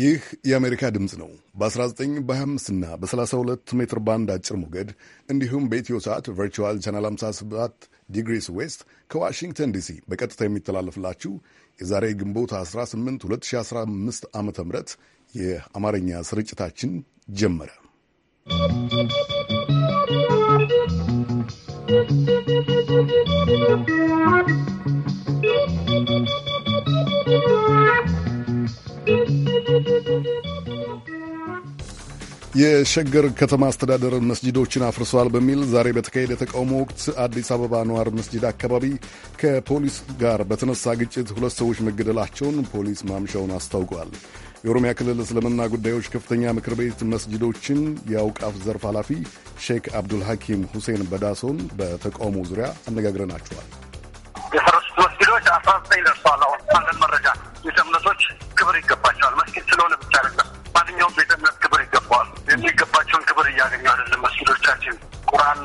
ይህ የአሜሪካ ድምፅ ነው። በ19 በ25 እና በ32 ሜትር ባንድ አጭር ሞገድ እንዲሁም በኢትዮ ሰዓት ቨርቹዋል ቻናል 57 ዲግሪስ ዌስት ከዋሽንግተን ዲሲ በቀጥታ የሚተላለፍላችሁ የዛሬ ግንቦት 18 2015 ዓ ም የአማርኛ ስርጭታችን ጀመረ። ¶¶ የሸገር ከተማ አስተዳደር መስጂዶችን አፍርሷል በሚል ዛሬ በተካሄደ ተቃውሞ ወቅት አዲስ አበባ ነዋር መስጂድ አካባቢ ከፖሊስ ጋር በተነሳ ግጭት ሁለት ሰዎች መገደላቸውን ፖሊስ ማምሻውን አስታውቋል። የኦሮሚያ ክልል እስልምና ጉዳዮች ከፍተኛ ምክር ቤት መስጂዶችን የአውቃፍ ዘርፍ ኃላፊ ሼክ አብዱል ሐኪም ሁሴን በዳሶን በተቃውሞ ዙሪያ አነጋግረናቸዋል። የፈረሱት መስጊዶች አስራ ዘጠኝ ደርሰዋል። አሁን አንዳንድ መረጃ ቤተ እምነቶች ክብር ይገባቸዋል። መስጊድ ስለሆነ ብቻ አይደለም። ማንኛውም ቤተ እምነት ክብር ይገባዋል። የሚገባቸውን ክብር እያገኙ አይደለም። መስጊዶቻችን ቁርአን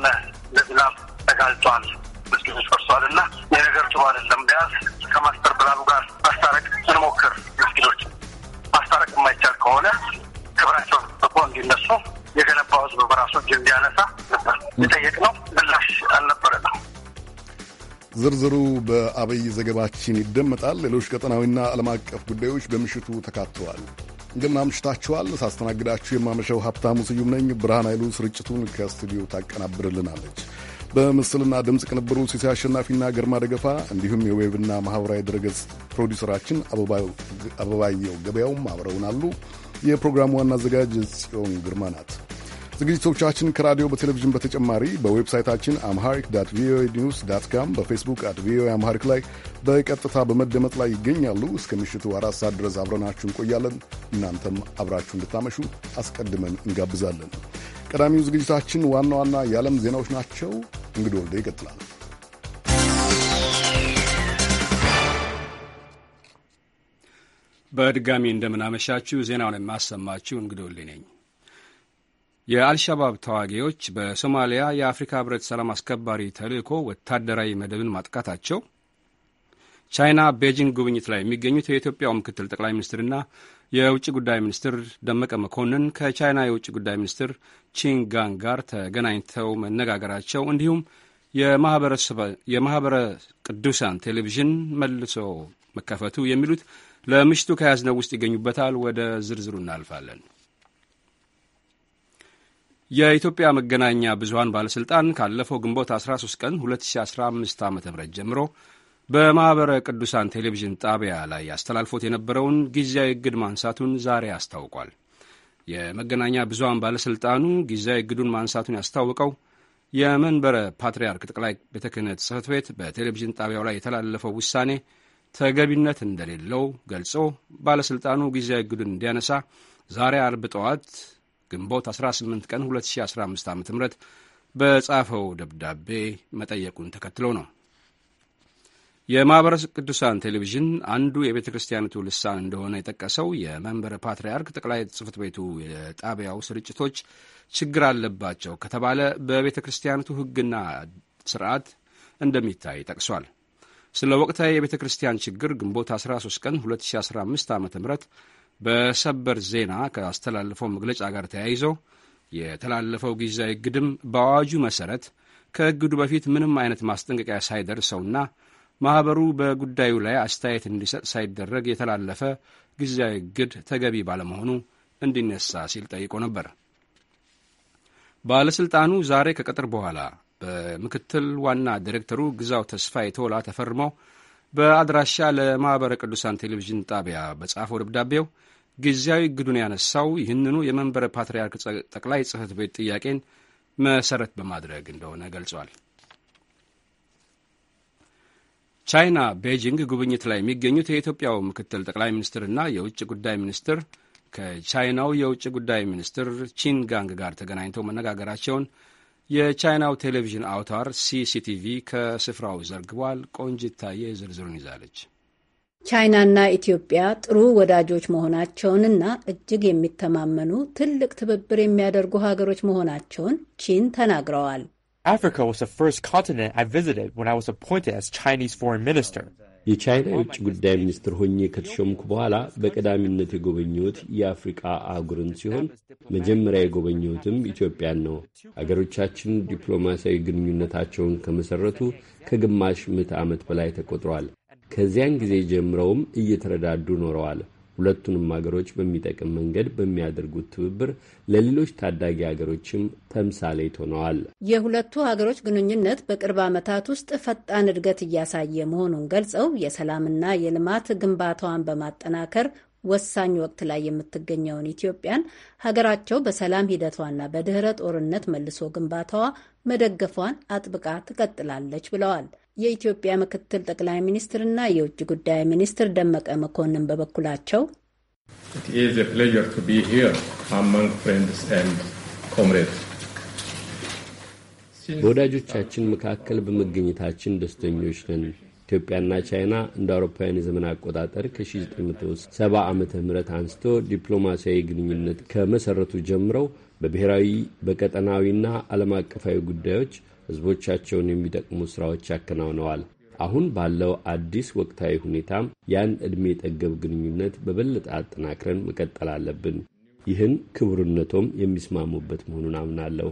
ለዝናብ ተጋልጧል። መስጊዶች ፈርሰዋል እና የነገር ጥሩ አይደለም። ቢያዝ ከማስተር ብላሉ ጋር ማስታረቅ እንሞክር። መስጊዶች ማስታረቅ የማይቻል ከሆነ ክብራቸውን ጥቆ እንዲነሱ የገነባው ህዝብ በራሱ እንዲያነሳ ነበር የጠየቅነው ምላሽ አልነበረ ነው ዝርዝሩ በአብይ ዘገባችን ይደመጣል። ሌሎች ቀጠናዊና ዓለም አቀፍ ጉዳዮች በምሽቱ ተካተዋል። እንደምን አምሽታችኋል። ሳስተናግዳችሁ የማመሻው ሀብታሙ ስዩም ነኝ። ብርሃን ኃይሉ ስርጭቱን ከስቱዲዮ ታቀናብርልናለች። በምስልና ድምፅ ቅንብሩ ሲሲ አሸናፊና ግርማ ደገፋ እንዲሁም የዌብና ማኅበራዊ ድረገጽ ፕሮዲውሰራችን አበባየው ገበያውም አብረውናሉ። የፕሮግራሙ ዋና አዘጋጅ ጽዮን ግርማ ናት። ዝግጅቶቻችን ከራዲዮ በቴሌቪዥን በተጨማሪ በዌብሳይታችን አምሃሪክ ዳት ቪኦኤ ኒውስ ዳት ካም በፌስቡክ አት ቪኦኤ አምሃሪክ ላይ በቀጥታ በመደመጥ ላይ ይገኛሉ። እስከ ምሽቱ አራት ሰዓት ድረስ አብረናችሁ እንቆያለን። እናንተም አብራችሁ እንድታመሹ አስቀድመን እንጋብዛለን። ቀዳሚው ዝግጅታችን ዋና ዋና የዓለም ዜናዎች ናቸው። እንግዲህ ወልደ ይቀጥላል። በድጋሚ እንደምናመሻችሁ ዜናውን የማሰማችሁ እንግዲህ ወልዴ ነኝ። የአልሻባብ ተዋጊዎች በሶማሊያ የአፍሪካ ህብረት ሰላም አስከባሪ ተልእኮ ወታደራዊ መደብን ማጥቃታቸው፣ ቻይና ቤጂንግ ጉብኝት ላይ የሚገኙት የኢትዮጵያው ምክትል ጠቅላይ ሚኒስትርና የውጭ ጉዳይ ሚኒስትር ደመቀ መኮንን ከቻይና የውጭ ጉዳይ ሚኒስትር ቺንጋን ጋር ተገናኝተው መነጋገራቸው እንዲሁም የማኅበረ ቅዱሳን ቴሌቪዥን መልሶ መከፈቱ የሚሉት ለምሽቱ ከያዝነው ውስጥ ይገኙበታል። ወደ ዝርዝሩ እናልፋለን። የኢትዮጵያ መገናኛ ብዙሀን ባለሥልጣን ካለፈው ግንቦት 13 ቀን 2015 ዓ ም ጀምሮ በማኅበረ ቅዱሳን ቴሌቪዥን ጣቢያ ላይ አስተላልፎት የነበረውን ጊዜያዊ እግድ ማንሳቱን ዛሬ አስታውቋል። የመገናኛ ብዙሀን ባለሥልጣኑ ጊዜያዊ እግዱን ማንሳቱን ያስታወቀው የመንበረ ፓትርያርክ ጠቅላይ ቤተ ክህነት ጽሕፈት ቤት በቴሌቪዥን ጣቢያው ላይ የተላለፈው ውሳኔ ተገቢነት እንደሌለው ገልጾ ባለሥልጣኑ ጊዜያዊ እግዱን እንዲያነሳ ዛሬ አርብ ጠዋት ግንቦት 18 ቀን 2015 ዓ ም በጻፈው ደብዳቤ መጠየቁን ተከትሎ ነው። የማኅበረ ቅዱሳን ቴሌቪዥን አንዱ የቤተ ክርስቲያኒቱ ልሳን እንደሆነ የጠቀሰው የመንበረ ፓትርያርክ ጠቅላይ ጽሕፈት ቤቱ የጣቢያው ስርጭቶች ችግር አለባቸው ከተባለ በቤተ ክርስቲያኒቱ ሕግና ስርዓት እንደሚታይ ጠቅሷል። ስለ ወቅታዊ የቤተ ክርስቲያን ችግር ግንቦት 13 ቀን 2015 ዓ ም በሰበር ዜና ካስተላለፈው መግለጫ ጋር ተያይዞ የተላለፈው ጊዜያዊ ግድም በአዋጁ መሠረት ከእግዱ በፊት ምንም አይነት ማስጠንቀቂያ ሳይደርሰውና ማኅበሩ በጉዳዩ ላይ አስተያየት እንዲሰጥ ሳይደረግ የተላለፈ ጊዜያዊ እግድ ተገቢ ባለመሆኑ እንዲነሳ ሲል ጠይቆ ነበር። ባለሥልጣኑ ዛሬ ከቀጥር በኋላ በምክትል ዋና ዲሬክተሩ ግዛው ተስፋዬ ቶላ ተፈርመው በአድራሻ ለማኅበረ ቅዱሳን ቴሌቪዥን ጣቢያ በጻፈው ደብዳቤው ጊዜያዊ እግዱን ያነሳው ይህንኑ የመንበረ ፓትርያርክ ጠቅላይ ጽህፈት ቤት ጥያቄን መሰረት በማድረግ እንደሆነ ገልጿል። ቻይና ቤጂንግ ጉብኝት ላይ የሚገኙት የኢትዮጵያው ምክትል ጠቅላይ ሚኒስትርና የውጭ ጉዳይ ሚኒስትር ከቻይናው የውጭ ጉዳይ ሚኒስትር ቺንጋንግ ጋር ተገናኝተው መነጋገራቸውን የቻይናው ቴሌቪዥን አውታር ሲሲቲቪ ከስፍራው ዘርግቧል። ቆንጅታዬ ዝርዝሩን ይዛለች። ቻይናና ኢትዮጵያ ጥሩ ወዳጆች መሆናቸውንና እጅግ የሚተማመኑ ትልቅ ትብብር የሚያደርጉ ሀገሮች መሆናቸውን ቺን ተናግረዋል። አፍሪካ was the first continent I visited when የቻይና የውጭ ጉዳይ ሚኒስትር ሆኜ ከተሾምኩ በኋላ በቀዳሚነት የጎበኘሁት የአፍሪቃ አህጉርን ሲሆን መጀመሪያ የጎበኘሁትም ኢትዮጵያን ነው። አገሮቻችን ዲፕሎማሲያዊ ግንኙነታቸውን ከመሰረቱ ከግማሽ ምዕተ ዓመት በላይ ተቆጥሯል። ከዚያን ጊዜ ጀምረውም እየተረዳዱ ኖረዋል። ሁለቱንም አገሮች በሚጠቅም መንገድ በሚያደርጉት ትብብር ለሌሎች ታዳጊ አገሮችም ተምሳሌት ሆነዋል። የሁለቱ ሀገሮች ግንኙነት በቅርብ ዓመታት ውስጥ ፈጣን እድገት እያሳየ መሆኑን ገልጸው የሰላምና የልማት ግንባታዋን በማጠናከር ወሳኝ ወቅት ላይ የምትገኘውን ኢትዮጵያን ሀገራቸው በሰላም ሂደቷና በድህረ ጦርነት መልሶ ግንባታዋ መደገፏን አጥብቃ ትቀጥላለች ብለዋል። የኢትዮጵያ ምክትል ጠቅላይ ሚኒስትርና የውጭ ጉዳይ ሚኒስትር ደመቀ መኮንን በበኩላቸው በወዳጆቻችን መካከል በመገኘታችን ደስተኞች ነን። ኢትዮጵያና ቻይና እንደ አውሮፓውያን የዘመን አቆጣጠር ከ1970 ዓ ም አንስቶ ዲፕሎማሲያዊ ግንኙነት ከመሰረቱ ጀምረው በብሔራዊ በቀጠናዊና ዓለም አቀፋዊ ጉዳዮች ህዝቦቻቸውን የሚጠቅሙ ሥራዎች ያከናውነዋል። አሁን ባለው አዲስ ወቅታዊ ሁኔታም ያን ዕድሜ የጠገብ ግንኙነት በበለጠ አጠናክረን መቀጠል አለብን። ይህን ክቡርነቶም የሚስማሙበት መሆኑን አምናለሁ።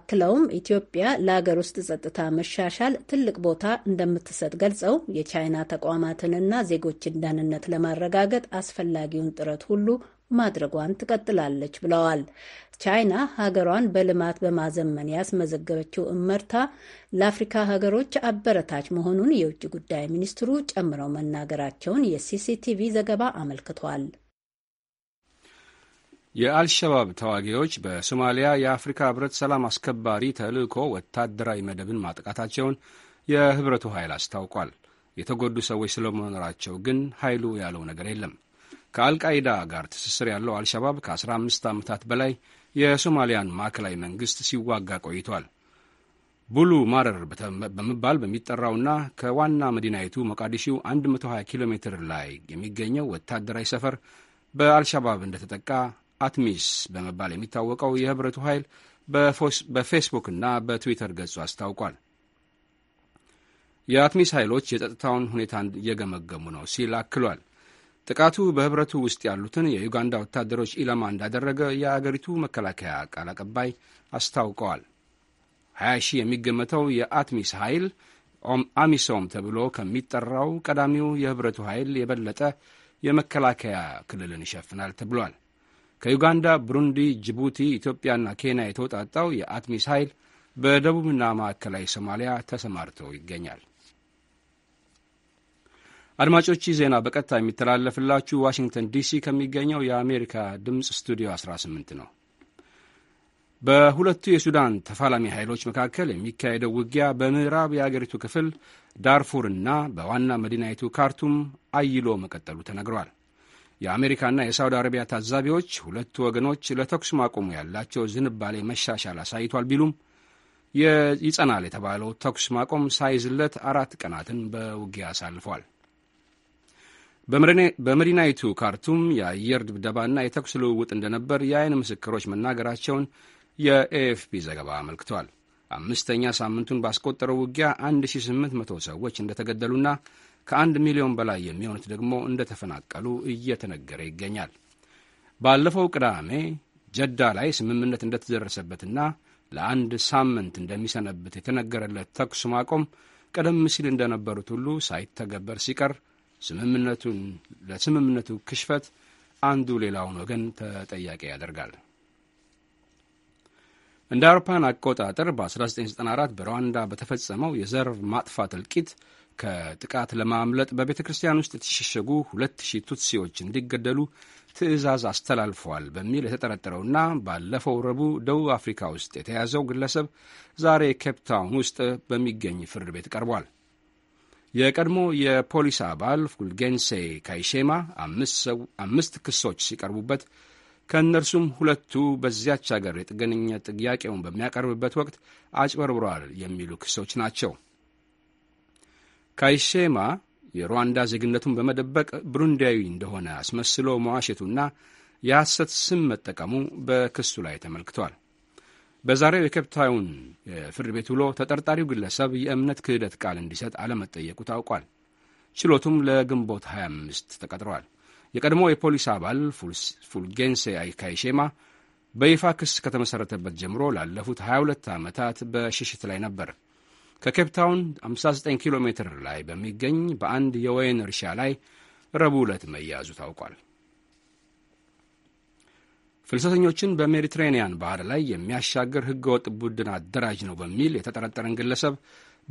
አክለውም ኢትዮጵያ ለአገር ውስጥ ጸጥታ መሻሻል ትልቅ ቦታ እንደምትሰጥ ገልጸው የቻይና ተቋማትንና ዜጎችን ደህንነት ለማረጋገጥ አስፈላጊውን ጥረት ሁሉ ማድረጓን ትቀጥላለች ብለዋል። ቻይና ሀገሯን በልማት በማዘመን ያስመዘገበችው እመርታ ለአፍሪካ ሀገሮች አበረታች መሆኑን የውጭ ጉዳይ ሚኒስትሩ ጨምረው መናገራቸውን የሲሲቲቪ ዘገባ አመልክቷል። የአልሸባብ ተዋጊዎች በሶማሊያ የአፍሪካ ህብረት ሰላም አስከባሪ ተልዕኮ ወታደራዊ መደብን ማጥቃታቸውን የህብረቱ ኃይል አስታውቋል። የተጎዱ ሰዎች ስለመኖራቸው ግን ኃይሉ ያለው ነገር የለም። ከአልቃይዳ ጋር ትስስር ያለው አልሸባብ ከ15 ዓመታት በላይ የሶማሊያን ማዕከላዊ መንግሥት ሲዋጋ ቆይቷል። ቡሉ ማረር በመባል በሚጠራውና ከዋና መዲናይቱ ሞቃዲሾ 120 ኪሎ ሜትር ላይ የሚገኘው ወታደራዊ ሰፈር በአልሸባብ እንደተጠቃ አትሚስ በመባል የሚታወቀው የህብረቱ ኃይል በፌስቡክና በትዊተር ገጹ አስታውቋል። የአትሚስ ኃይሎች የጸጥታውን ሁኔታ እየገመገሙ ነው ሲል አክሏል። ጥቃቱ በህብረቱ ውስጥ ያሉትን የዩጋንዳ ወታደሮች ኢላማ እንዳደረገ የአገሪቱ መከላከያ ቃል አቀባይ አስታውቀዋል። 20 ሺህ የሚገመተው የአትሚስ ኃይል አሚሶም ተብሎ ከሚጠራው ቀዳሚው የህብረቱ ኃይል የበለጠ የመከላከያ ክልልን ይሸፍናል ተብሏል። ከዩጋንዳ፣ ብሩንዲ፣ ጅቡቲ፣ ኢትዮጵያና ኬንያ የተውጣጣው የአትሚስ ኃይል በደቡብና ማዕከላዊ ሶማሊያ ተሰማርቶ ይገኛል። አድማጮች ዜና በቀጥታ የሚተላለፍላችሁ ዋሽንግተን ዲሲ ከሚገኘው የአሜሪካ ድምፅ ስቱዲዮ 18 ነው። በሁለቱ የሱዳን ተፋላሚ ኃይሎች መካከል የሚካሄደው ውጊያ በምዕራብ የአገሪቱ ክፍል ዳርፉርና በዋና መዲናይቱ ካርቱም አይሎ መቀጠሉ ተነግሯል። የአሜሪካና የሳውዲ አረቢያ ታዛቢዎች ሁለቱ ወገኖች ለተኩስ ማቆሙ ያላቸው ዝንባሌ መሻሻል አሳይቷል ቢሉም ይጸናል የተባለው ተኩስ ማቆም ሳይዝለት አራት ቀናትን በውጊያ አሳልፏል። በመዲናይቱ ካርቱም የአየር ድብደባና የተኩስ ልውውጥ እንደነበር የአይን ምስክሮች መናገራቸውን የኤኤፍፒ ዘገባ አመልክቷል። አምስተኛ ሳምንቱን ባስቆጠረው ውጊያ 1800 ሰዎች እንደተገደሉና ከአንድ ሚሊዮን በላይ የሚሆኑት ደግሞ እንደተፈናቀሉ እየተነገረ ይገኛል። ባለፈው ቅዳሜ ጀዳ ላይ ስምምነት እንደተደረሰበትና ለአንድ ሳምንት እንደሚሰነብት የተነገረለት ተኩስ ማቆም ቀደም ሲል እንደነበሩት ሁሉ ሳይተገበር ሲቀር ስምምነቱን ለስምምነቱ ክሽፈት አንዱ ሌላውን ወገን ተጠያቂ ያደርጋል። እንደ አውሮፓን አቆጣጠር በ1994 በሩዋንዳ በተፈጸመው የዘር ማጥፋት እልቂት ከጥቃት ለማምለጥ በቤተ ክርስቲያን ውስጥ የተሸሸጉ ሁለት ሺህ ቱትሲዎች እንዲገደሉ ትዕዛዝ አስተላልፈዋል በሚል የተጠረጠረውና ባለፈው ረቡዕ ደቡብ አፍሪካ ውስጥ የተያዘው ግለሰብ ዛሬ ኬፕታውን ውስጥ በሚገኝ ፍርድ ቤት ቀርቧል። የቀድሞ የፖሊስ አባል ፉልጌንሴ ካይሼማ አምስት ክሶች ሲቀርቡበት ከእነርሱም ሁለቱ በዚያች አገር የጥገነኛ ጥያቄውን በሚያቀርብበት ወቅት አጭበርብረዋል የሚሉ ክሶች ናቸው። ካይሼማ የሩዋንዳ ዜግነቱን በመደበቅ ብሩንዳዊ እንደሆነ አስመስሎ መዋሸቱና የሐሰት ስም መጠቀሙ በክሱ ላይ ተመልክቷል። በዛሬው የኬፕታውን የፍርድ ቤት ውሎ ተጠርጣሪው ግለሰብ የእምነት ክህደት ቃል እንዲሰጥ አለመጠየቁ ታውቋል። ችሎቱም ለግንቦት 25 ተቀጥረዋል። የቀድሞ የፖሊስ አባል ፉልጌንሴ አይካይሼማ በይፋ ክስ ከተመሠረተበት ጀምሮ ላለፉት 22 ዓመታት በሽሽት ላይ ነበር። ከኬፕታውን 59 ኪሎ ሜትር ላይ በሚገኝ በአንድ የወይን እርሻ ላይ ረቡዕ ዕለት መያዙ ታውቋል። ፍልሰተኞችን በሜዲትሬንያን ባህር ላይ የሚያሻግር ህገወጥ ቡድን አደራጅ ነው በሚል የተጠረጠረን ግለሰብ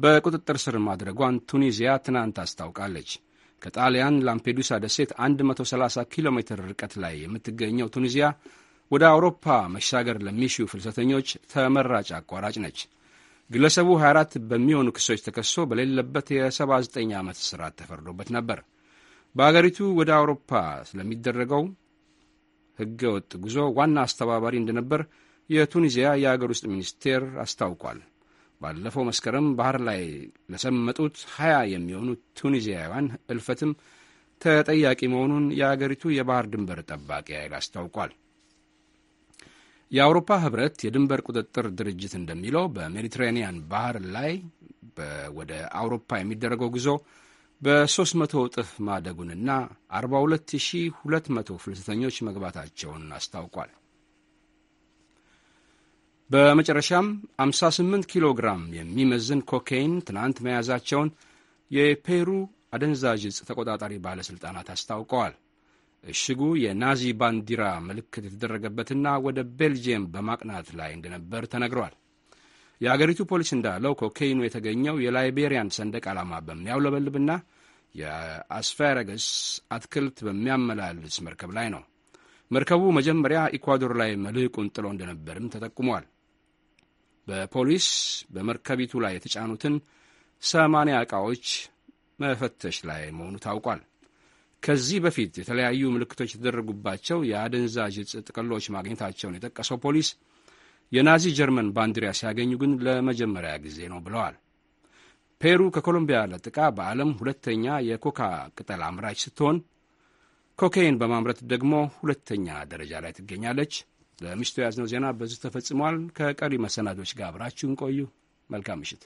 በቁጥጥር ስር ማድረጓን ቱኒዚያ ትናንት አስታውቃለች። ከጣሊያን ላምፔዱሳ ደሴት 130 ኪሎ ሜትር ርቀት ላይ የምትገኘው ቱኒዚያ ወደ አውሮፓ መሻገር ለሚሹ ፍልሰተኞች ተመራጭ አቋራጭ ነች። ግለሰቡ 24 በሚሆኑ ክሶች ተከሶ በሌለበት የ79 ዓመት እስራት ተፈርዶበት ነበር። በአገሪቱ ወደ አውሮፓ ስለሚደረገው ሕገ ወጥ ጉዞ ዋና አስተባባሪ እንደነበር የቱኒዚያ የአገር ውስጥ ሚኒስቴር አስታውቋል። ባለፈው መስከረም ባህር ላይ ለሰመጡት ሀያ የሚሆኑ ቱኒዚያውያን እልፈትም ተጠያቂ መሆኑን የአገሪቱ የባህር ድንበር ጠባቂ ኃይል አስታውቋል። የአውሮፓ ህብረት የድንበር ቁጥጥር ድርጅት እንደሚለው በሜዲትራኒያን ባህር ላይ ወደ አውሮፓ የሚደረገው ጉዞ በ300 እጥፍ ማደጉንና 42200 ፍልሰተኞች መግባታቸውን አስታውቋል። በመጨረሻም 58 ኪሎ ግራም የሚመዝን ኮካይን ትናንት መያዛቸውን የፔሩ አደንዛዥ እጽ ተቆጣጣሪ ባለሥልጣናት አስታውቀዋል። እሽጉ የናዚ ባንዲራ ምልክት የተደረገበትና ወደ ቤልጅየም በማቅናት ላይ እንደነበር ተነግሯል። የአገሪቱ ፖሊስ እንዳለው ኮኬይኑ የተገኘው የላይቤሪያን ሰንደቅ ዓላማ በሚያውለበልብና የአስፋረገስ አትክልት በሚያመላልስ መርከብ ላይ ነው። መርከቡ መጀመሪያ ኢኳዶር ላይ መልህቁን ጥሎ እንደነበርም ተጠቁሟል። በፖሊስ በመርከቢቱ ላይ የተጫኑትን ሰማንያ ዕቃዎች መፈተሽ ላይ መሆኑ ታውቋል። ከዚህ በፊት የተለያዩ ምልክቶች የተደረጉባቸው የአደንዛዥ ጥቅሎች ማግኘታቸውን የጠቀሰው ፖሊስ የናዚ ጀርመን ባንዲራ ሲያገኙ ግን ለመጀመሪያ ጊዜ ነው ብለዋል። ፔሩ ከኮሎምቢያ ለጥቃ በዓለም ሁለተኛ የኮካ ቅጠል አምራች ስትሆን ኮካይን በማምረት ደግሞ ሁለተኛ ደረጃ ላይ ትገኛለች። ለምሽቱ የያዝነው ዜና በዚህ ተፈጽሟል። ከቀሪ መሰናዶች ጋር አብራችሁን ቆዩ። መልካም ምሽት።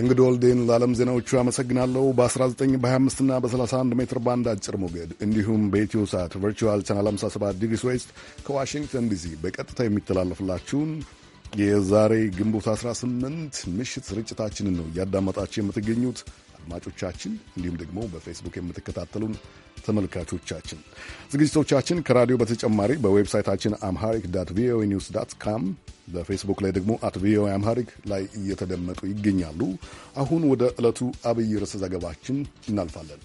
እንግዲህ ወልዴን ለዓለም ዜናዎቹ አመሰግናለሁ። በ19 በ25ና በ31 ሜትር ባንድ አጭር ሞገድ እንዲሁም በኢትዮ ሰዓት ቨርቹዋል ቻናል 57 ዲግሪስ ዌስት ከዋሽንግተን ዲሲ በቀጥታ የሚተላለፍላችሁን የዛሬ ግንቦት 18 ምሽት ስርጭታችንን ነው እያዳመጣችሁ የምትገኙት። አድማጮቻችን እንዲሁም ደግሞ በፌስቡክ የምትከታተሉን ተመልካቾቻችን ዝግጅቶቻችን ከራዲዮ በተጨማሪ በዌብሳይታችን አምሃሪክ ዳት ቪኦኤ ኒውስ ዳት ካም በፌስቡክ ላይ ደግሞ አት ቪኦኤ አምሃሪክ ላይ እየተደመጡ ይገኛሉ። አሁን ወደ ዕለቱ አብይ ርዕሰ ዘገባችን እናልፋለን።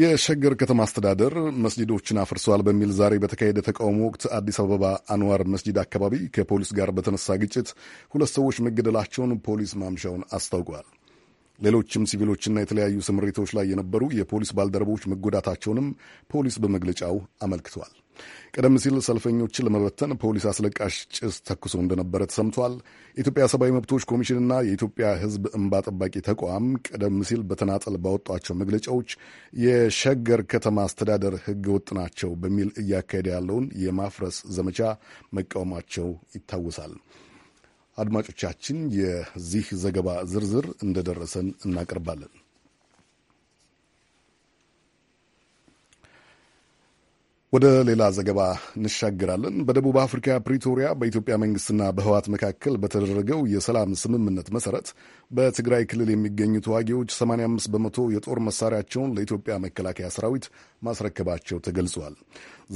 የሸገር ከተማ አስተዳደር መስጂዶችን አፍርሰዋል በሚል ዛሬ በተካሄደ ተቃውሞ ወቅት አዲስ አበባ አንዋር መስጂድ አካባቢ ከፖሊስ ጋር በተነሳ ግጭት ሁለት ሰዎች መገደላቸውን ፖሊስ ማምሻውን አስታውቋል። ሌሎችም ሲቪሎችና የተለያዩ ስምሪቶች ላይ የነበሩ የፖሊስ ባልደረቦች መጎዳታቸውንም ፖሊስ በመግለጫው አመልክቷል። ቀደም ሲል ሰልፈኞችን ለመበተን ፖሊስ አስለቃሽ ጭስ ተኩሶ እንደነበረ ተሰምቷል። የኢትዮጵያ ሰብአዊ መብቶች ኮሚሽንና የኢትዮጵያ ሕዝብ እንባ ጠባቂ ተቋም ቀደም ሲል በተናጠል ባወጧቸው መግለጫዎች የሸገር ከተማ አስተዳደር ሕገ ወጥ ናቸው በሚል እያካሄደ ያለውን የማፍረስ ዘመቻ መቃወማቸው ይታወሳል። አድማጮቻችን፣ የዚህ ዘገባ ዝርዝር እንደደረሰን እናቀርባለን። ወደ ሌላ ዘገባ እንሻገራለን። በደቡብ አፍሪካ ፕሪቶሪያ በኢትዮጵያ መንግስትና በህዋት መካከል በተደረገው የሰላም ስምምነት መሰረት በትግራይ ክልል የሚገኙ ተዋጊዎች 85 በመቶ የጦር መሳሪያቸውን ለኢትዮጵያ መከላከያ ሰራዊት ማስረከባቸው ተገልጿል።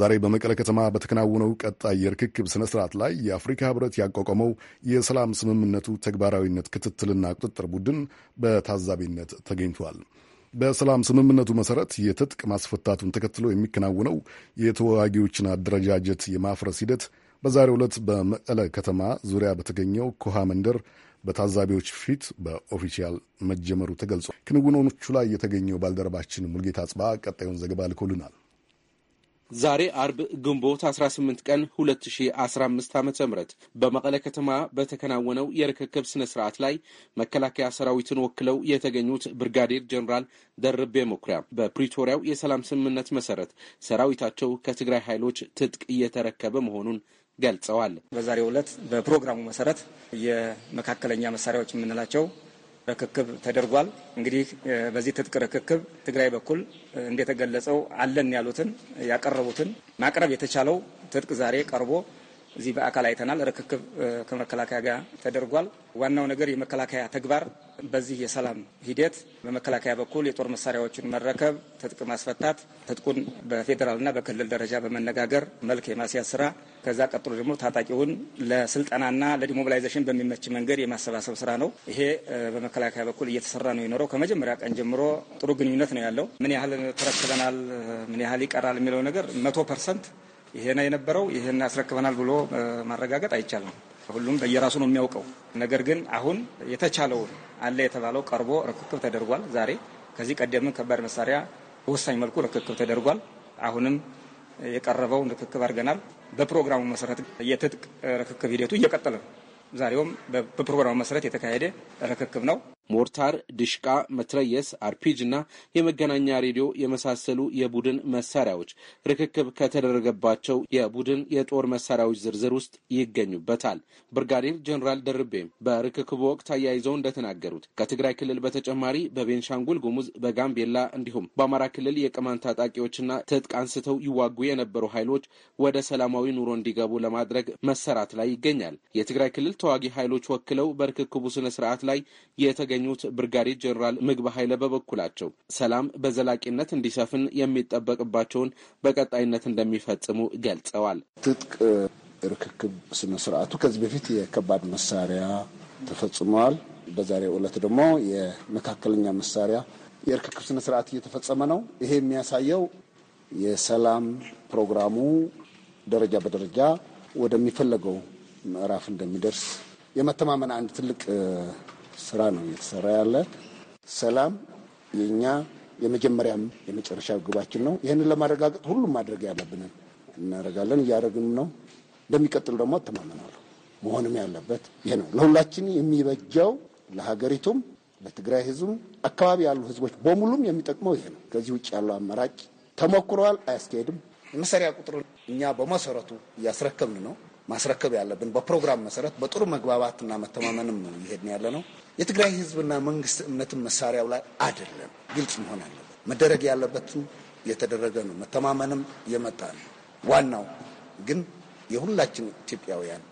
ዛሬ በመቀለ ከተማ በተከናወነው ቀጣይ የርክክብ ስነ ስርዓት ላይ የአፍሪካ ህብረት ያቋቋመው የሰላም ስምምነቱ ተግባራዊነት ክትትልና ቁጥጥር ቡድን በታዛቢነት ተገኝቷል። በሰላም ስምምነቱ መሰረት የትጥቅ ማስፈታቱን ተከትሎ የሚከናወነው የተዋጊዎችን አደረጃጀት የማፍረስ ሂደት በዛሬው ዕለት በመቀለ ከተማ ዙሪያ በተገኘው ኮሃ መንደር በታዛቢዎች ፊት በኦፊሻል መጀመሩ ተገልጿል። ክንውኖቹ ላይ የተገኘው ባልደረባችን ሙልጌታ ጽባ ቀጣዩን ዘገባ ልኮልናል። ዛሬ አርብ ግንቦት 18 ቀን 2015 ዓ ም በመቀለ ከተማ በተከናወነው የርክክብ ስነ ስርዓት ላይ መከላከያ ሰራዊትን ወክለው የተገኙት ብርጋዴር ጀኔራል ደርቤ መኩሪያ በፕሪቶሪያው የሰላም ስምምነት መሰረት ሰራዊታቸው ከትግራይ ኃይሎች ትጥቅ እየተረከበ መሆኑን ገልጸዋል። በዛሬው ዕለት በፕሮግራሙ መሰረት የመካከለኛ መሳሪያዎች የምንላቸው ርክክብ ተደርጓል። እንግዲህ በዚህ ትጥቅ ርክክብ ትግራይ በኩል እንደተገለጸው አለን ያሉትን ያቀረቡትን ማቅረብ የተቻለው ትጥቅ ዛሬ ቀርቦ እዚህ በአካል አይተናል። ርክክብ ከመከላከያ ጋር ተደርጓል። ዋናው ነገር የመከላከያ ተግባር በዚህ የሰላም ሂደት በመከላከያ በኩል የጦር መሳሪያዎችን መረከብ፣ ትጥቅ ማስፈታት፣ ትጥቁን በፌዴራልና በክልል ደረጃ በመነጋገር መልክ የማስያዝ ስራ፣ ከዛ ቀጥሎ ደግሞ ታጣቂውን ለስልጠናና ለዲሞቢላይዜሽን በሚመች መንገድ የማሰባሰብ ስራ ነው። ይሄ በመከላከያ በኩል እየተሰራ ነው የኖረው። ከመጀመሪያ ቀን ጀምሮ ጥሩ ግንኙነት ነው ያለው። ምን ያህል ተረክበናል፣ ምን ያህል ይቀራል የሚለው ነገር መቶ ፐርሰንት ይሄ ነው የነበረው፣ ይሄን ያስረክበናል ብሎ ማረጋገጥ አይቻልም። ሁሉም በየራሱ ነው የሚያውቀው። ነገር ግን አሁን የተቻለውን አለ የተባለው ቀርቦ ርክክብ ተደርጓል። ዛሬ ከዚህ ቀደም ከባድ መሳሪያ በወሳኝ መልኩ ርክክብ ተደርጓል። አሁንም የቀረበውን ርክክብ አድርገናል። በፕሮግራሙ መሰረት የትጥቅ ርክክብ ሂደቱ እየቀጠለ ነው። ዛሬውም በፕሮግራሙ መሰረት የተካሄደ ርክክብ ነው። ሞርታር፣ ድሽቃ፣ መትረየስ፣ አርፒጅ እና የመገናኛ ሬዲዮ የመሳሰሉ የቡድን መሳሪያዎች ርክክብ ከተደረገባቸው የቡድን የጦር መሳሪያዎች ዝርዝር ውስጥ ይገኙበታል። ብርጋዴር ጀኔራል ደርቤም በርክክቡ ወቅት አያይዘው እንደተናገሩት ከትግራይ ክልል በተጨማሪ በቤንሻንጉል ጉሙዝ፣ በጋምቤላ እንዲሁም በአማራ ክልል የቅማንት ታጣቂዎችና ትጥቅ አንስተው ይዋጉ የነበሩ ኃይሎች ወደ ሰላማዊ ኑሮ እንዲገቡ ለማድረግ መሰራት ላይ ይገኛል። የትግራይ ክልል ተዋጊ ኃይሎች ወክለው በርክክቡ ስነ ላይ የተ የተገኙት ብርጋዴር ጄኔራል ምግብ ኃይለ በበኩላቸው ሰላም በዘላቂነት እንዲሰፍን የሚጠበቅባቸውን በቀጣይነት እንደሚፈጽሙ ገልጸዋል። ትጥቅ ርክክብ ስነ ስርዓቱ ከዚህ በፊት የከባድ መሳሪያ ተፈጽመዋል። በዛሬው ዕለት ደግሞ የመካከለኛ መሳሪያ የርክክብ ስነ ስርዓት እየተፈጸመ ነው። ይሄ የሚያሳየው የሰላም ፕሮግራሙ ደረጃ በደረጃ ወደሚፈለገው ምዕራፍ እንደሚደርስ የመተማመን አንድ ትልቅ ስራ ነው እየተሰራ ያለ። ሰላም የእኛ የመጀመሪያም የመጨረሻ ግባችን ነው። ይህንን ለማረጋገጥ ሁሉም ማድረግ ያለብንን እናደርጋለን፣ እያደረግን ነው። እንደሚቀጥል ደግሞ እተማመናለሁ። መሆንም ያለበት ይህ ነው። ለሁላችን የሚበጀው ለሀገሪቱም፣ ለትግራይ ህዝብም፣ አካባቢ ያሉ ህዝቦች በሙሉም የሚጠቅመው ይሄ ነው። ከዚህ ውጭ ያለው አማራጭ ተሞክሯል፣ አያስካሄድም የመሳሪያ ቁጥር እኛ በመሰረቱ እያስረከብን ነው። ማስረከብ ያለብን በፕሮግራም መሰረት በጥሩ መግባባትና መተማመንም ይሄድን ያለ ነው። የትግራይ ህዝብና መንግስት እምነትን መሳሪያው ላይ አይደለም። ግልጽ መሆን አለበት። መደረግ ያለበት የተደረገ ነው። መተማመንም የመጣ ነው። ዋናው ግን የሁላችን ኢትዮጵያውያን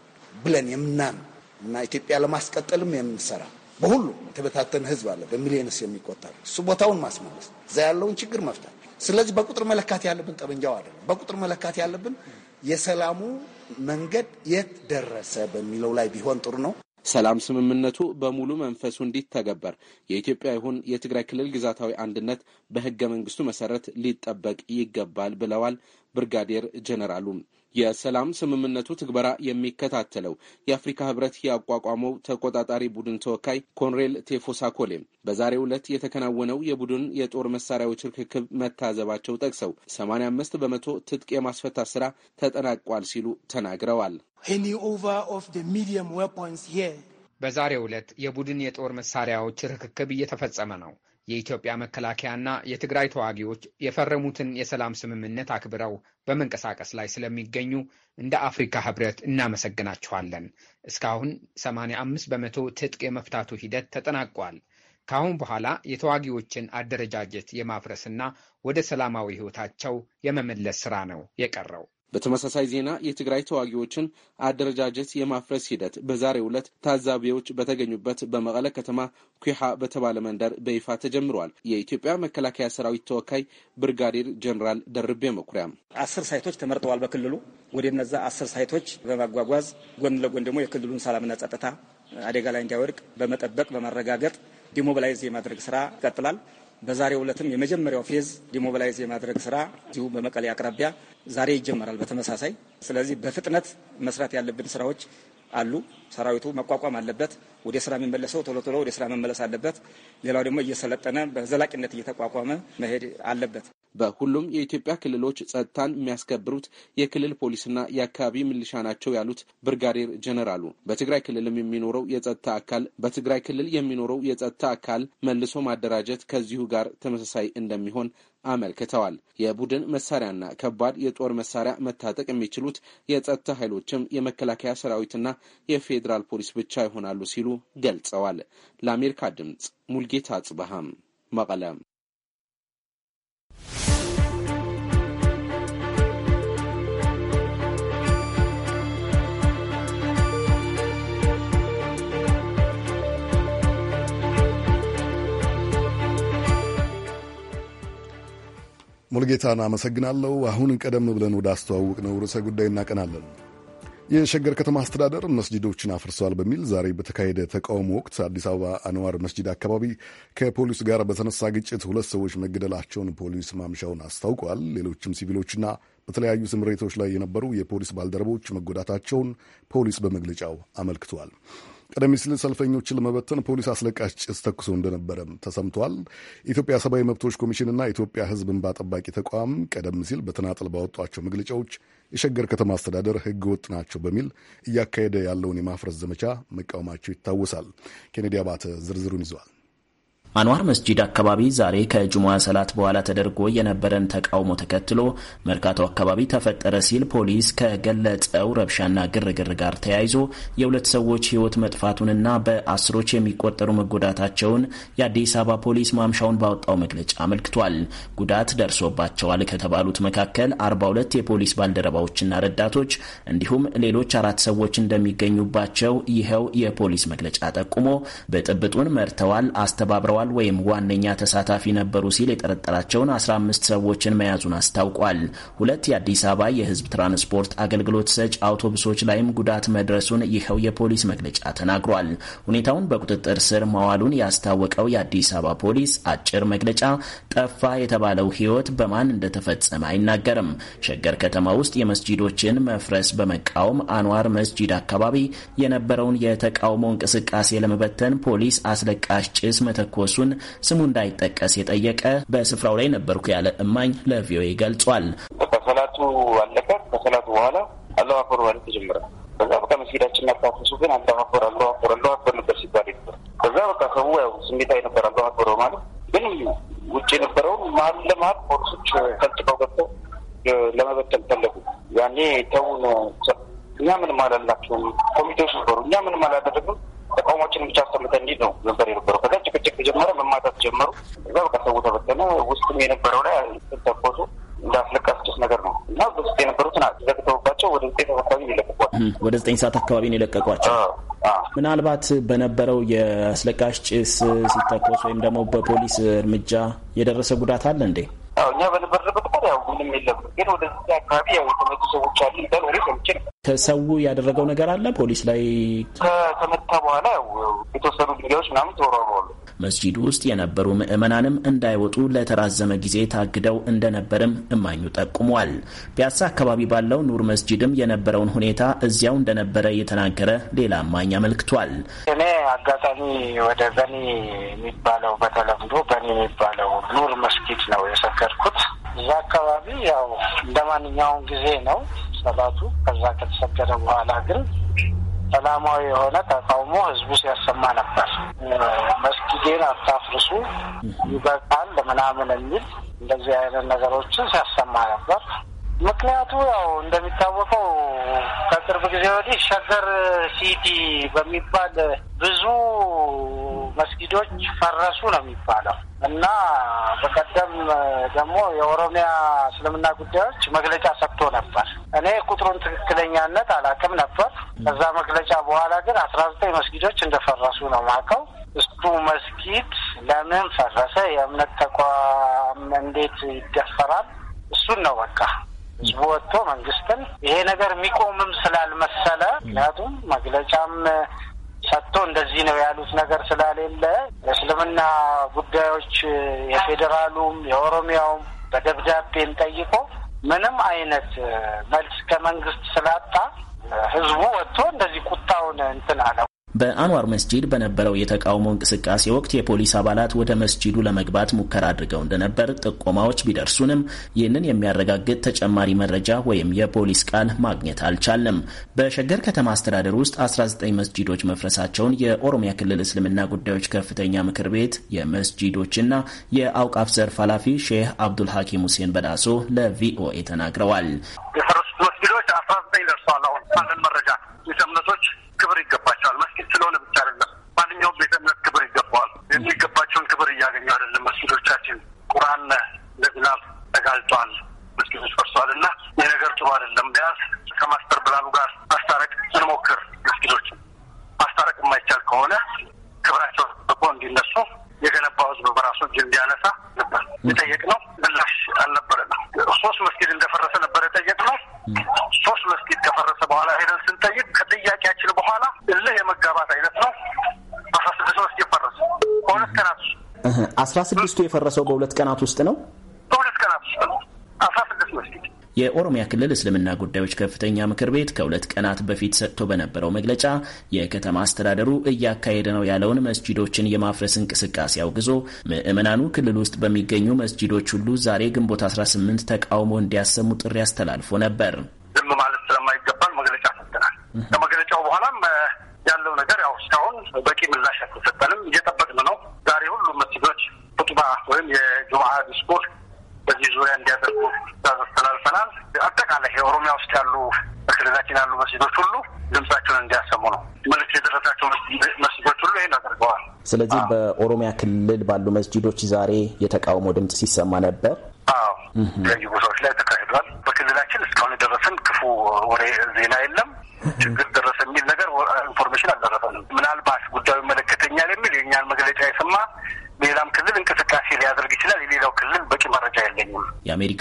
ብለን የምናም እና ኢትዮጵያ ለማስቀጠልም የምንሰራ በሁሉ የተበታተነ ህዝብ አለ፣ በሚሊዮንስ የሚቆጠር እሱ ቦታውን ማስመለስ፣ እዛ ያለውን ችግር መፍታት። ስለዚህ በቁጥር መለካት ያለብን ጠመንጃው አይደለም። በቁጥር መለካት ያለብን የሰላሙ መንገድ የት ደረሰ በሚለው ላይ ቢሆን ጥሩ ነው። ሰላም ስምምነቱ በሙሉ መንፈሱ እንዲተገበር የኢትዮጵያ ይሁን የትግራይ ክልል ግዛታዊ አንድነት በህገ መንግስቱ መሰረት ሊጠበቅ ይገባል ብለዋል ብርጋዴር ጀነራሉም የሰላም ስምምነቱ ትግበራ የሚከታተለው የአፍሪካ ህብረት ያቋቋመው ተቆጣጣሪ ቡድን ተወካይ ኮንሬል ቴፎሳኮሌም በዛሬው ዕለት የተከናወነው የቡድን የጦር መሳሪያዎች ርክክብ መታዘባቸው ጠቅሰው 85 በመቶ ትጥቅ የማስፈታት ስራ ተጠናቋል ሲሉ ተናግረዋል። በዛሬው ዕለት የቡድን የጦር መሳሪያዎች ርክክብ እየተፈጸመ ነው። የኢትዮጵያ መከላከያና የትግራይ ተዋጊዎች የፈረሙትን የሰላም ስምምነት አክብረው በመንቀሳቀስ ላይ ስለሚገኙ እንደ አፍሪካ ህብረት እናመሰግናችኋለን። እስካሁን 85 በመቶ ትጥቅ የመፍታቱ ሂደት ተጠናቋል። ከአሁን በኋላ የተዋጊዎችን አደረጃጀት የማፍረስና ወደ ሰላማዊ ህይወታቸው የመመለስ ስራ ነው የቀረው። በተመሳሳይ ዜና የትግራይ ተዋጊዎችን አደረጃጀት የማፍረስ ሂደት በዛሬው ዕለት ታዛቢዎች በተገኙበት በመቀለ ከተማ ኩሓ በተባለ መንደር በይፋ ተጀምረዋል። የኢትዮጵያ መከላከያ ሰራዊት ተወካይ ብርጋዴር ጀኔራል ደርቤ መኩሪያም አስር ሳይቶች ተመርጠዋል። በክልሉ ወደ እነዛ አስር ሳይቶች በማጓጓዝ ጎን ለጎን ደግሞ የክልሉን ሰላምና ጸጥታ አደጋ ላይ እንዳይወድቅ በመጠበቅ በማረጋገጥ ዲሞቢላይዝ የማድረግ ስራ ይቀጥላል። በዛሬው ዕለትም የመጀመሪያው ፌዝ ዲሞቢላይዝ የማድረግ ስራ እዚሁ በመቀሌ አቅራቢያ ዛሬ ይጀመራል በተመሳሳይ ስለዚህ በፍጥነት መስራት ያለብን ስራዎች አሉ። ሰራዊቱ መቋቋም አለበት። ወደ ስራ የሚመለሰው ቶሎ ቶሎ ወደ ስራ መመለስ አለበት። ሌላው ደግሞ እየሰለጠነ በዘላቂነት እየተቋቋመ መሄድ አለበት። በሁሉም የኢትዮጵያ ክልሎች ጸጥታን የሚያስከብሩት የክልል ፖሊስና የአካባቢ ምልሻ ናቸው ያሉት ብርጋዴር ጀነራሉ በትግራይ ክልልም የሚኖረው የጸጥታ አካል በትግራይ ክልል የሚኖረው የጸጥታ አካል መልሶ ማደራጀት ከዚሁ ጋር ተመሳሳይ እንደሚሆን አመልክተዋል። የቡድን መሳሪያና ከባድ የጦር መሳሪያ መታጠቅ የሚችሉት የጸጥታ ኃይሎችም የመከላከያ ሰራዊትና የፌዴራል ፖሊስ ብቻ ይሆናሉ ሲሉ ገልጸዋል። ለአሜሪካ ድምጽ ሙልጌታ አጽበሃም መቀለም ሙልጌታን አመሰግናለሁ። አሁን ቀደም ብለን ወደ አስተዋውቅ ነው ርዕሰ ጉዳይ እናቀናለን። የሸገር ከተማ አስተዳደር መስጂዶችን አፍርሰዋል በሚል ዛሬ በተካሄደ ተቃውሞ ወቅት አዲስ አበባ አንዋር መስጂድ አካባቢ ከፖሊስ ጋር በተነሳ ግጭት ሁለት ሰዎች መገደላቸውን ፖሊስ ማምሻውን አስታውቋል። ሌሎችም ሲቪሎችና በተለያዩ ስምሬቶች ላይ የነበሩ የፖሊስ ባልደረቦች መጎዳታቸውን ፖሊስ በመግለጫው አመልክቷል። ቀደም ሲል ሰልፈኞችን ለመበተን ፖሊስ አስለቃሽ ጭስ ተኩሶ እንደነበረ ተሰምቷል። የኢትዮጵያ ሰብአዊ መብቶች ኮሚሽንና የኢትዮጵያ ሕዝብ እንባ ጠባቂ ተቋም ቀደም ሲል በተናጠል ባወጧቸው መግለጫዎች የሸገር ከተማ አስተዳደር ሕገ ወጥ ናቸው በሚል እያካሄደ ያለውን የማፍረስ ዘመቻ መቃወማቸው ይታወሳል። ኬኔዲ አባተ ዝርዝሩን ይዘዋል። አንዋር መስጂድ አካባቢ ዛሬ ከጁሙዓ ሰላት በኋላ ተደርጎ የነበረን ተቃውሞ ተከትሎ መርካቶ አካባቢ ተፈጠረ ሲል ፖሊስ ከገለጸው ረብሻና ግርግር ጋር ተያይዞ የሁለት ሰዎች ሕይወት መጥፋቱንና በአስሮች የሚቆጠሩ መጎዳታቸውን የአዲስ አበባ ፖሊስ ማምሻውን ባወጣው መግለጫ አመልክቷል። ጉዳት ደርሶባቸዋል ከተባሉት መካከል 42 የፖሊስ ባልደረባዎችና ረዳቶች እንዲሁም ሌሎች አራት ሰዎች እንደሚገኙባቸው ይኸው የፖሊስ መግለጫ ጠቁሞ ብጥብጡን መርተዋል፣ አስተባብረዋል ተሳትፈዋል ወይም ዋነኛ ተሳታፊ ነበሩ ሲል የጠረጠራቸውን 15 ሰዎችን መያዙን አስታውቋል። ሁለት የአዲስ አበባ የህዝብ ትራንስፖርት አገልግሎት ሰጪ አውቶቡሶች ላይም ጉዳት መድረሱን ይኸው የፖሊስ መግለጫ ተናግሯል። ሁኔታውን በቁጥጥር ስር መዋሉን ያስታወቀው የአዲስ አበባ ፖሊስ አጭር መግለጫ ጠፋ የተባለው ህይወት በማን እንደተፈጸመ አይናገርም። ሸገር ከተማ ውስጥ የመስጂዶችን መፍረስ በመቃወም አንዋር መስጂድ አካባቢ የነበረውን የተቃውሞ እንቅስቃሴ ለመበተን ፖሊስ አስለቃሽ ጭስ መተኮስ መደረሱን ስሙ እንዳይጠቀስ የጠየቀ በስፍራው ላይ ነበርኩ ያለ እማኝ ለቪኦኤ ገልጿል። ከሰላቱ አለቀ። ከሰላቱ በኋላ አላሁ አክበር ማለት ተጀመረ። ከዛ በቃ መስጊዳችን አካፈሱ ግን አላሁ አክበር አላሁ አክበር አላሁ አክበር ነበር ሲባል ነበር። በዛ በቃ ሰው ያው ስሜታዊ ነበር አላሁ አክበር ማለት ግን ውጭ የነበረው መሀል ለመሀል ፖሊሶች ፈልጥቀው ገብተው ለመበተል ፈለጉ። ያኔ ተውን እኛ ምንም አላላቸውም። ኮሚቴዎች ነበሩ። እኛ ምንም አላደረግም። ተቃውሟችን ብቻ አሰምተን እንሂድ ነው ነበር የነበረው። ከዛ ጀመሩ። እዛ በቃ ሰው ተበተነ። ውስጥም የነበረው ላይ ተኮሱ። እንዳስለቃስጭስ ነገር ነው እና በውስጥ የነበሩትን ዘግተውባቸው ወደ ዘጠኝ ሰዓት አካባቢ የለቀቋቸው ወደ ዘጠኝ ሰዓት አካባቢ ነው የለቀቋቸው። ምናልባት በነበረው የአስለቃሽ ጭስ ሲተኮስ ወይም ደግሞ በፖሊስ እርምጃ የደረሰ ጉዳት አለ እንዴ? እኛ በነበረበት ቁጥር ያው ምንም የለም፣ ግን ወደ ዘጠኝ አካባቢ ያው የተመቱ ሰዎች አሉ ሚባል ወሬ ሰምቼ ነው። ከሰው ያደረገው ነገር አለ ፖሊስ ላይ ከተመታ በኋላ ያው የተወሰኑ ድንጋዮች ምናምን ተወራውረዋሉ መስጂዱ ውስጥ የነበሩ ምዕመናንም እንዳይወጡ ለተራዘመ ጊዜ ታግደው እንደነበርም እማኙ ጠቁሟል። ፒያሳ አካባቢ ባለው ኑር መስጂድም የነበረውን ሁኔታ እዚያው እንደነበረ የተናገረ ሌላ እማኝ አመልክቷል። እኔ አጋጣሚ ወደ በኒ የሚባለው በተለምዶ በኒ የሚባለው ኑር መስጊድ ነው የሰገድኩት። እዛ አካባቢ ያው እንደ ማንኛውም ጊዜ ነው ሰላቱ። ከዛ ከተሰገደ በኋላ ግን ሰላማዊ የሆነ ተቃውሞ ህዝቡ ሲያሰማ ነበር። መስጊዴን አታፍርሱ ይበቃል ምናምን የሚል እንደዚህ አይነት ነገሮችን ሲያሰማ ነበር። ምክንያቱ ያው እንደሚታወቀው ከቅርብ ጊዜ ወዲህ ሸገር ሲቲ በሚባል ብዙ መስጊዶች ፈረሱ ነው የሚባለው እና በቀደም ደግሞ የኦሮሚያ እስልምና ጉዳዮች መግለጫ ሰጥቶ ነበር። እኔ ቁጥሩን ትክክለኛነት አላውቅም ነበር። ከዛ መግለጫ በኋላ ግን አስራ ዘጠኝ መስጊዶች እንደፈረሱ ነው ማውቀው። እሱ መስጊድ ለምን ፈረሰ? የእምነት ተቋም እንዴት ይደፈራል? እሱን ነው በቃ ህዝቡ ወጥቶ መንግስትን ይሄ ነገር የሚቆምም ስላልመሰለ ምክንያቱም መግለጫም ሰጥቶ እንደዚህ ነው ያሉት ነገር ስላሌለ እስልምና ጉዳዮች የፌዴራሉም የኦሮሚያውም በደብዳቤም ጠይቆ ምንም አይነት መልስ ከመንግስት ስላጣ ህዝቡ ወጥቶ እንደዚህ ቁጣውን እንትን አለው። በአንዋር መስጂድ በነበረው የተቃውሞ እንቅስቃሴ ወቅት የፖሊስ አባላት ወደ መስጂዱ ለመግባት ሙከራ አድርገው እንደነበር ጥቆማዎች ቢደርሱንም ይህንን የሚያረጋግጥ ተጨማሪ መረጃ ወይም የፖሊስ ቃል ማግኘት አልቻለም። በሸገር ከተማ አስተዳደር ውስጥ 19 መስጂዶች መፍረሳቸውን የኦሮሚያ ክልል እስልምና ጉዳዮች ከፍተኛ ምክር ቤት የመስጂዶችና የአውቃፍ ዘርፍ ኃላፊ ሼህ አብዱል ሐኪም ሁሴን በዳሶ ለቪኦኤ ተናግረዋል። የፈረሱት አሁን መረጃ ክብር ይገባቸዋል። መስጊድ ስለሆነ ብቻ አይደለም። ማንኛውም ቤተ እምነት ክብር ይገባዋል። የሚገባቸውን ክብር እያገኙ አይደለም። መስጊዶቻችን ቁርአን ለዝናብ ተጋልጧል። መስጊዶች ፈርሷል እና ይህ ነገር ጥሩ አይደለም። ቢያንስ ከማስተር ብላሉ ጋር ማስታረቅ እንሞክር። መስጊዶች ማስታረቅ የማይቻል ከሆነ ክብራቸው እኮ እንዲነሱ የገነባው ህዝብ በራሱ እጅ እንዲያነሳ ነበር የጠየቅነው። ምላሽ አልነበረ ነው። ሶስት መስጊድ እንደፈረሰ ነበር የጠየቅነው። ሶስት መስጊድ ከፈረሰ በኋላ ሄደን ስንጠይቅ ከጥያቄያችን በኋላ እልህ የመጋባት አይነት ነው። አስራ ስድስት መስጊድ ፈረሰ በሁለት ቀናት ውስጥ። አስራ ስድስቱ የፈረሰው በሁለት ቀናት ውስጥ ነው። በሁለት ቀናት ውስጥ ነው አስራ ስድስት መስጊድ የኦሮሚያ ክልል እስልምና ጉዳዮች ከፍተኛ ምክር ቤት ከሁለት ቀናት በፊት ሰጥቶ በነበረው መግለጫ የከተማ አስተዳደሩ እያካሄደ ነው ያለውን መስጂዶችን የማፍረስ እንቅስቃሴ አውግዞ ምዕመናኑ ክልል ውስጥ በሚገኙ መስጂዶች ሁሉ ዛሬ ግንቦት 18 ተቃውሞ እንዲያሰሙ ጥሪ አስተላልፎ ነበር። ዝም ማለት ስለማይገባል መግለጫ ሰጥተናል። ስለዚህ በኦሮሚያ ክልል ባሉ መስጂዶች ዛሬ የተቃውሞ ድምጽ ሲሰማ ነበር። ቦታዎች ላይ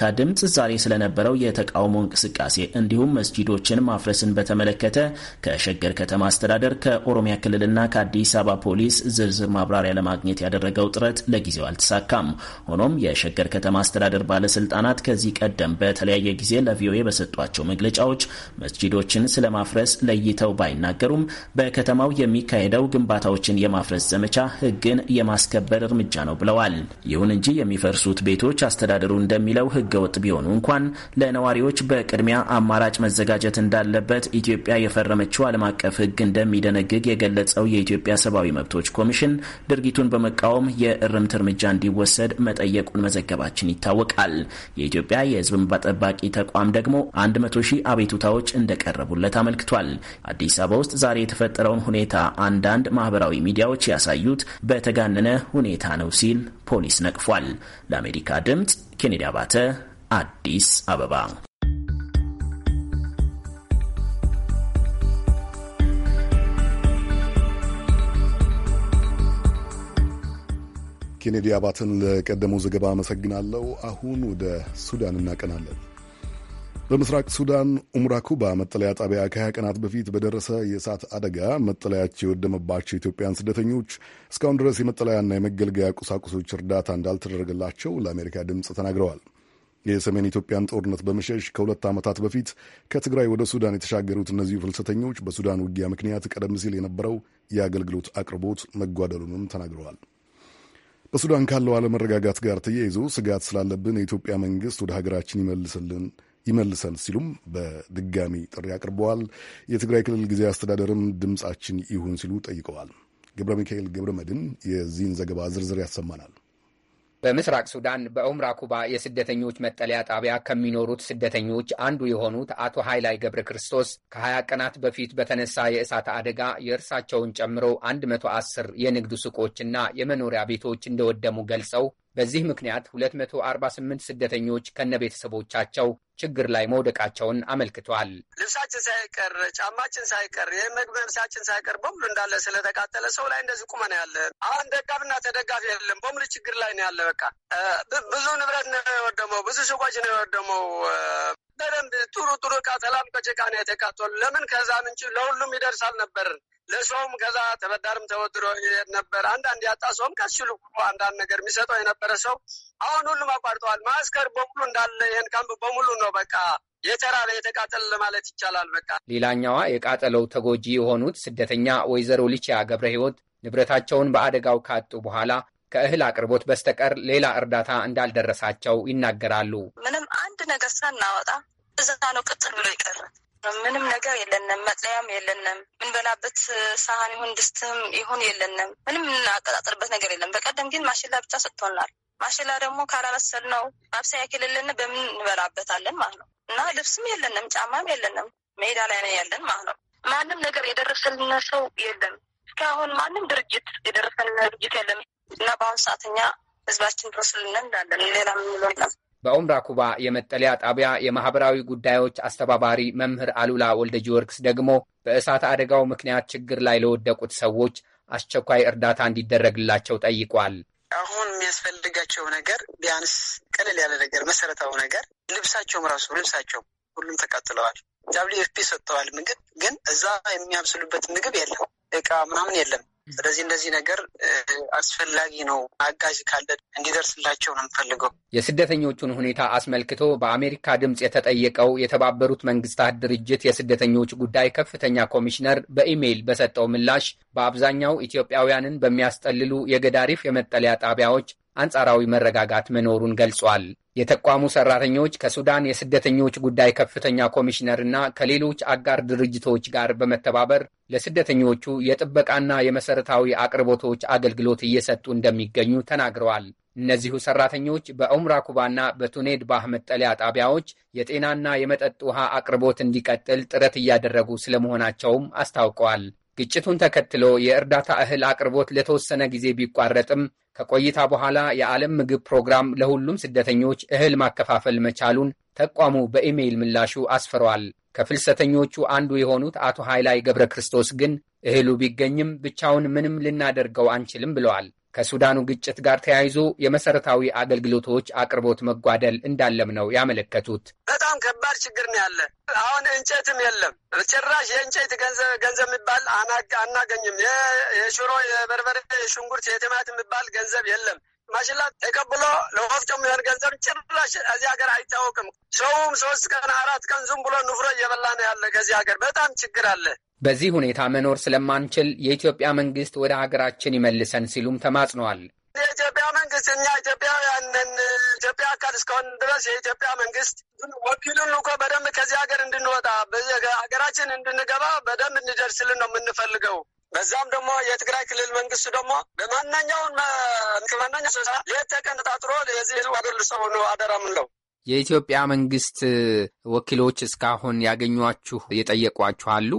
የአሜሪካ ድምፅ ዛሬ ስለነበረው የተቃውሞ እንቅስቃሴ እንዲሁም መስጂዶችን ማፍረስን በተመለከተ ከሸገር ከተማ አስተዳደር ከኦሮሚያ ክልልና ከአዲስ አበባ ፖሊስ ዝርዝር ማብራሪያ ለማግኘት ያደረገው ጥረት ለጊዜው አልተሳካም። ሆኖም የሸገር ከተማ አስተዳደር ባለስልጣናት ከዚህ ቀደም በተለያየ ጊዜ ለቪኦኤ በሰጧቸው መግለጫዎች መስጂዶችን ስለማፍረስ ለይተው ባይናገሩም በከተማው የሚካሄደው ግንባታዎችን የማፍረስ ዘመቻ ሕግን የማስከበር እርምጃ ነው ብለዋል። ይሁን እንጂ የሚፈርሱት ቤቶች አስተዳደሩ እንደሚለው ህገወጥ ቢሆኑ እንኳን ለነዋሪዎች በቅድሚያ አማራጭ መዘጋጀት እንዳለበት ኢትዮጵያ የፈረመችው ዓለም አቀፍ ህግ እንደሚደነግግ የገለጸው የኢትዮጵያ ሰብአዊ መብቶች ኮሚሽን ድርጊቱን በመቃወም የእርምት እርምጃ እንዲወሰድ መጠየቁን መዘገባችን ይታወቃል። የኢትዮጵያ የህዝብ እንባ ጠባቂ ተቋም ደግሞ 100 ሺህ አቤቱታዎች እንደቀረቡለት አመልክቷል። አዲስ አበባ ውስጥ ዛሬ የተፈጠረውን ሁኔታ አንዳንድ ማህበራዊ ሚዲያዎች ያሳዩት በተጋነነ ሁኔታ ነው ሲል ፖሊስ ነቅፏል። ለአሜሪካ ድምፅ ኬኔዲ አባተ አዲስ አበባ። ኬኔዲ አባተን ለቀደመው ዘገባ አመሰግናለሁ። አሁን ወደ ሱዳን እናቀናለን። በምስራቅ ሱዳን ኡምራኩባ መጠለያ ጣቢያ ከሀያ ቀናት በፊት በደረሰ የእሳት አደጋ መጠለያቸው የወደመባቸው ኢትዮጵያን ስደተኞች እስካሁን ድረስ የመጠለያና የመገልገያ ቁሳቁሶች እርዳታ እንዳልተደረገላቸው ለአሜሪካ ድምፅ ተናግረዋል። የሰሜን ኢትዮጵያን ጦርነት በመሸሽ ከሁለት ዓመታት በፊት ከትግራይ ወደ ሱዳን የተሻገሩት እነዚሁ ፍልሰተኞች በሱዳን ውጊያ ምክንያት ቀደም ሲል የነበረው የአገልግሎት አቅርቦት መጓደሉንም ተናግረዋል። በሱዳን ካለው አለመረጋጋት ጋር ተያይዞ ስጋት ስላለብን የኢትዮጵያ መንግሥት ወደ ሀገራችን ይመልስልን ይመልሰን ሲሉም በድጋሚ ጥሪ አቅርበዋል። የትግራይ ክልል ጊዜ አስተዳደርም ድምፃችን ይሁን ሲሉ ጠይቀዋል። ገብረ ሚካኤል ገብረ መድን የዚህን ዘገባ ዝርዝር ያሰማናል። በምስራቅ ሱዳን በኦምራ ኩባ የስደተኞች መጠለያ ጣቢያ ከሚኖሩት ስደተኞች አንዱ የሆኑት አቶ ኃይላይ ገብረ ክርስቶስ ከ20 ቀናት በፊት በተነሳ የእሳት አደጋ የእርሳቸውን ጨምሮ 110 የንግድ ሱቆችና የመኖሪያ ቤቶች እንደወደሙ ገልጸው በዚህ ምክንያት 248 ስደተኞች ከነቤተሰቦቻቸው ችግር ላይ መውደቃቸውን አመልክቷል። ልብሳችን ሳይቀር ጫማችን ሳይቀር የምግብ ልብሳችን ሳይቀር በሙሉ እንዳለ ስለተቃጠለ ሰው ላይ እንደዚህ ቁመን ያለ አሁን ደጋፊና ተደጋፊ የለም። በሙሉ ችግር ላይ ነው ያለ። በቃ ብዙ ንብረት ነው የወደመው፣ ብዙ ሱቆች ነው የወደመው። በደንብ ጥሩ ጥሩ እቃ ተላምቀጭ ከጭቃ ነው የተቃጠሉ። ለምን ከዛ ምንጭ ለሁሉም ይደርሳል ነበር። ለሰውም ከዛ ተበዳርም ተወድሮ ይሄድ ነበር። አንዳንድ ያጣ ሰውም ከስሉ አንዳንድ ነገር የሚሰጠው የነበረ ሰው አሁን ሁሉም አቋርጠዋል። ማስከር በሙሉ እንዳለ ይህን ካምፕ በሙሉ ነው በቃ የተራበ የተቃጠለ ለማለት ይቻላል። በቃ ሌላኛዋ የቃጠለው ተጎጂ የሆኑት ስደተኛ ወይዘሮ ልቻ ገብረ ህይወት ንብረታቸውን በአደጋው ካጡ በኋላ ከእህል አቅርቦት በስተቀር ሌላ እርዳታ እንዳልደረሳቸው ይናገራሉ። ምንም ነገር እናወጣ እዛ ነው ቅጥር ብሎ ይቀረ። ምንም ነገር የለንም፣ መጥለያም የለንም፣ ምንበላበት ሳህን ይሁን ድስትም ይሁን የለንም። ምንም የምናቀጣጥርበት ነገር የለም። በቀደም ግን ማሽላ ብቻ ሰጥቶናል። ማሽላ ደግሞ ካላበሰል ነው ማብሰያ ክልልን በምን እንበላበታለን ማለት ነው። እና ልብስም የለንም፣ ጫማም የለንም፣ ሜዳ ላይ ነው ያለን ማለት ነው። ማንም ነገር የደረሰልን ሰው የለም። እስካሁን ማንም ድርጅት የደረሰልን ድርጅት የለም እና በአሁኑ ሰዓት እኛ ህዝባችን ድረስልን እንዳለን ሌላ የምንለው በኦምራ ኩባ የመጠለያ ጣቢያ የማህበራዊ ጉዳዮች አስተባባሪ መምህር አሉላ ወልደ ጊዮርጊስ ደግሞ በእሳት አደጋው ምክንያት ችግር ላይ ለወደቁት ሰዎች አስቸኳይ እርዳታ እንዲደረግላቸው ጠይቋል። አሁን የሚያስፈልጋቸው ነገር ቢያንስ ቀለል ያለ ነገር፣ መሰረታዊ ነገር ልብሳቸውም ራሱ ልብሳቸው ሁሉም ተቃጥለዋል። ዳብሊዩ ኤፍ ፒ ሰጥተዋል ምግብ፣ ግን እዛ የሚያብስሉበት ምግብ የለም፣ እቃ ምናምን የለም። ስለዚህ እንደዚህ ነገር አስፈላጊ ነው። አጋዥ ካለ እንዲደርስላቸው ነው የምፈልገው። የስደተኞቹን ሁኔታ አስመልክቶ በአሜሪካ ድምፅ የተጠየቀው የተባበሩት መንግስታት ድርጅት የስደተኞች ጉዳይ ከፍተኛ ኮሚሽነር በኢሜይል በሰጠው ምላሽ በአብዛኛው ኢትዮጵያውያንን በሚያስጠልሉ የገዳሪፍ የመጠለያ ጣቢያዎች አንጻራዊ መረጋጋት መኖሩን ገልጿል። የተቋሙ ሰራተኞች ከሱዳን የስደተኞች ጉዳይ ከፍተኛ ኮሚሽነር እና ከሌሎች አጋር ድርጅቶች ጋር በመተባበር ለስደተኞቹ የጥበቃና የመሰረታዊ አቅርቦቶች አገልግሎት እየሰጡ እንደሚገኙ ተናግረዋል። እነዚሁ ሰራተኞች በኦምራ ኩባና በቱኔድ ባህ መጠለያ ጣቢያዎች የጤናና የመጠጥ ውሃ አቅርቦት እንዲቀጥል ጥረት እያደረጉ ስለመሆናቸውም አስታውቀዋል። ግጭቱን ተከትሎ የእርዳታ እህል አቅርቦት ለተወሰነ ጊዜ ቢቋረጥም ከቆይታ በኋላ የዓለም ምግብ ፕሮግራም ለሁሉም ስደተኞች እህል ማከፋፈል መቻሉን ተቋሙ በኢሜይል ምላሹ አስፍሯል። ከፍልሰተኞቹ አንዱ የሆኑት አቶ ኃይላይ ገብረ ክርስቶስ ግን እህሉ ቢገኝም ብቻውን ምንም ልናደርገው አንችልም ብለዋል። ከሱዳኑ ግጭት ጋር ተያይዞ የመሰረታዊ አገልግሎቶች አቅርቦት መጓደል እንዳለም ነው ያመለከቱት። በጣም ከባድ ችግር ነው ያለ። አሁን እንጨትም የለም ጭራሽ የእንጨት ገንዘብ የሚባል አናገኝም። የሽሮ፣ የበርበሬ፣ የሽንኩርት፣ የቲማት የሚባል ገንዘብ የለም። ማሽላ ተቀብሎ ለወፍጮ የሚሆን ገንዘብ ጭራሽ እዚህ ሀገር አይታወቅም። ሰውም ሶስት ቀን አራት ቀን ዝም ብሎ ንፍሮ እየበላ ነው ያለ። ከዚህ ሀገር በጣም ችግር አለ። በዚህ ሁኔታ መኖር ስለማንችል የኢትዮጵያ መንግስት ወደ ሀገራችን ይመልሰን ሲሉም ተማጽነዋል። የኢትዮጵያ መንግስት እኛ ኢትዮጵያውያንን ኢትዮጵያ አካል እስከሆን ድረስ የኢትዮጵያ መንግስት ወኪሉን ልኮ በደንብ ከዚህ ሀገር እንድንወጣ ሀገራችን እንድንገባ በደንብ እንዲደርስልን ነው የምንፈልገው። በዛም ደግሞ የትግራይ ክልል መንግስት ደግሞ በማናኛውን ከማናኛው ስሳ ሌት ተቀን ተጣጥሮ የዚህ ህዝብ አገልሰው ነው አደራ ምንለው። የኢትዮጵያ መንግስት ወኪሎች እስካሁን ያገኟችሁ የጠየቋችሁ አሉ?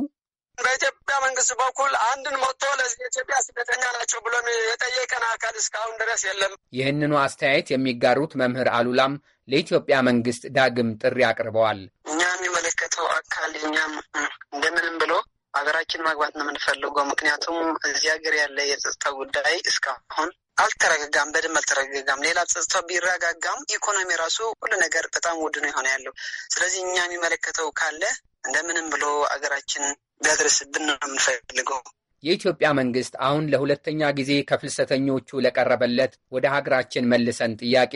በኢትዮጵያ መንግስት በኩል አንድን መጥቶ ለዚህ የኢትዮጵያ ስደተኛ ናቸው ብሎ የጠየቀን አካል እስካሁን ድረስ የለም። ይህንኑ አስተያየት የሚጋሩት መምህር አሉላም ለኢትዮጵያ መንግስት ዳግም ጥሪ አቅርበዋል። እኛ የሚመለከተው አካል እኛም እንደምንም ብሎ ሀገራችን መግባት ነው የምንፈልገው። ምክንያቱም እዚህ ሀገር ያለ የጸጥታ ጉዳይ እስካሁን አልተረጋጋም፣ በደንብ አልተረጋጋም። ሌላ ጸጥታ ቢረጋጋም ኢኮኖሚ ራሱ ሁሉ ነገር በጣም ውድ ነው የሆነ ያለው። ስለዚህ እኛ የሚመለከተው ካለ እንደምንም ብሎ ሀገራችን ቢያደርስብን ነው የምንፈልገው። የኢትዮጵያ መንግስት አሁን ለሁለተኛ ጊዜ ከፍልሰተኞቹ ለቀረበለት ወደ ሀገራችን መልሰን ጥያቄ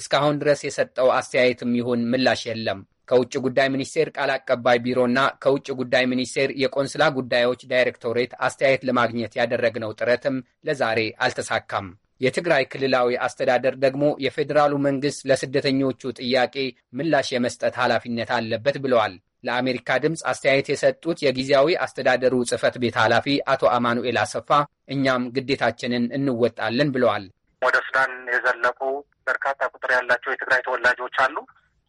እስካሁን ድረስ የሰጠው አስተያየትም ይሁን ምላሽ የለም። ከውጭ ጉዳይ ሚኒስቴር ቃል አቀባይ ቢሮና ከውጭ ጉዳይ ሚኒስቴር የቆንስላ ጉዳዮች ዳይሬክቶሬት አስተያየት ለማግኘት ያደረግነው ጥረትም ለዛሬ አልተሳካም። የትግራይ ክልላዊ አስተዳደር ደግሞ የፌዴራሉ መንግሥት ለስደተኞቹ ጥያቄ ምላሽ የመስጠት ኃላፊነት አለበት ብለዋል። ለአሜሪካ ድምፅ አስተያየት የሰጡት የጊዜያዊ አስተዳደሩ ጽህፈት ቤት ኃላፊ አቶ አማኑኤል አሰፋ እኛም ግዴታችንን እንወጣለን ብለዋል። ወደ ሱዳን የዘለቁ በርካታ ቁጥር ያላቸው የትግራይ ተወላጆች አሉ።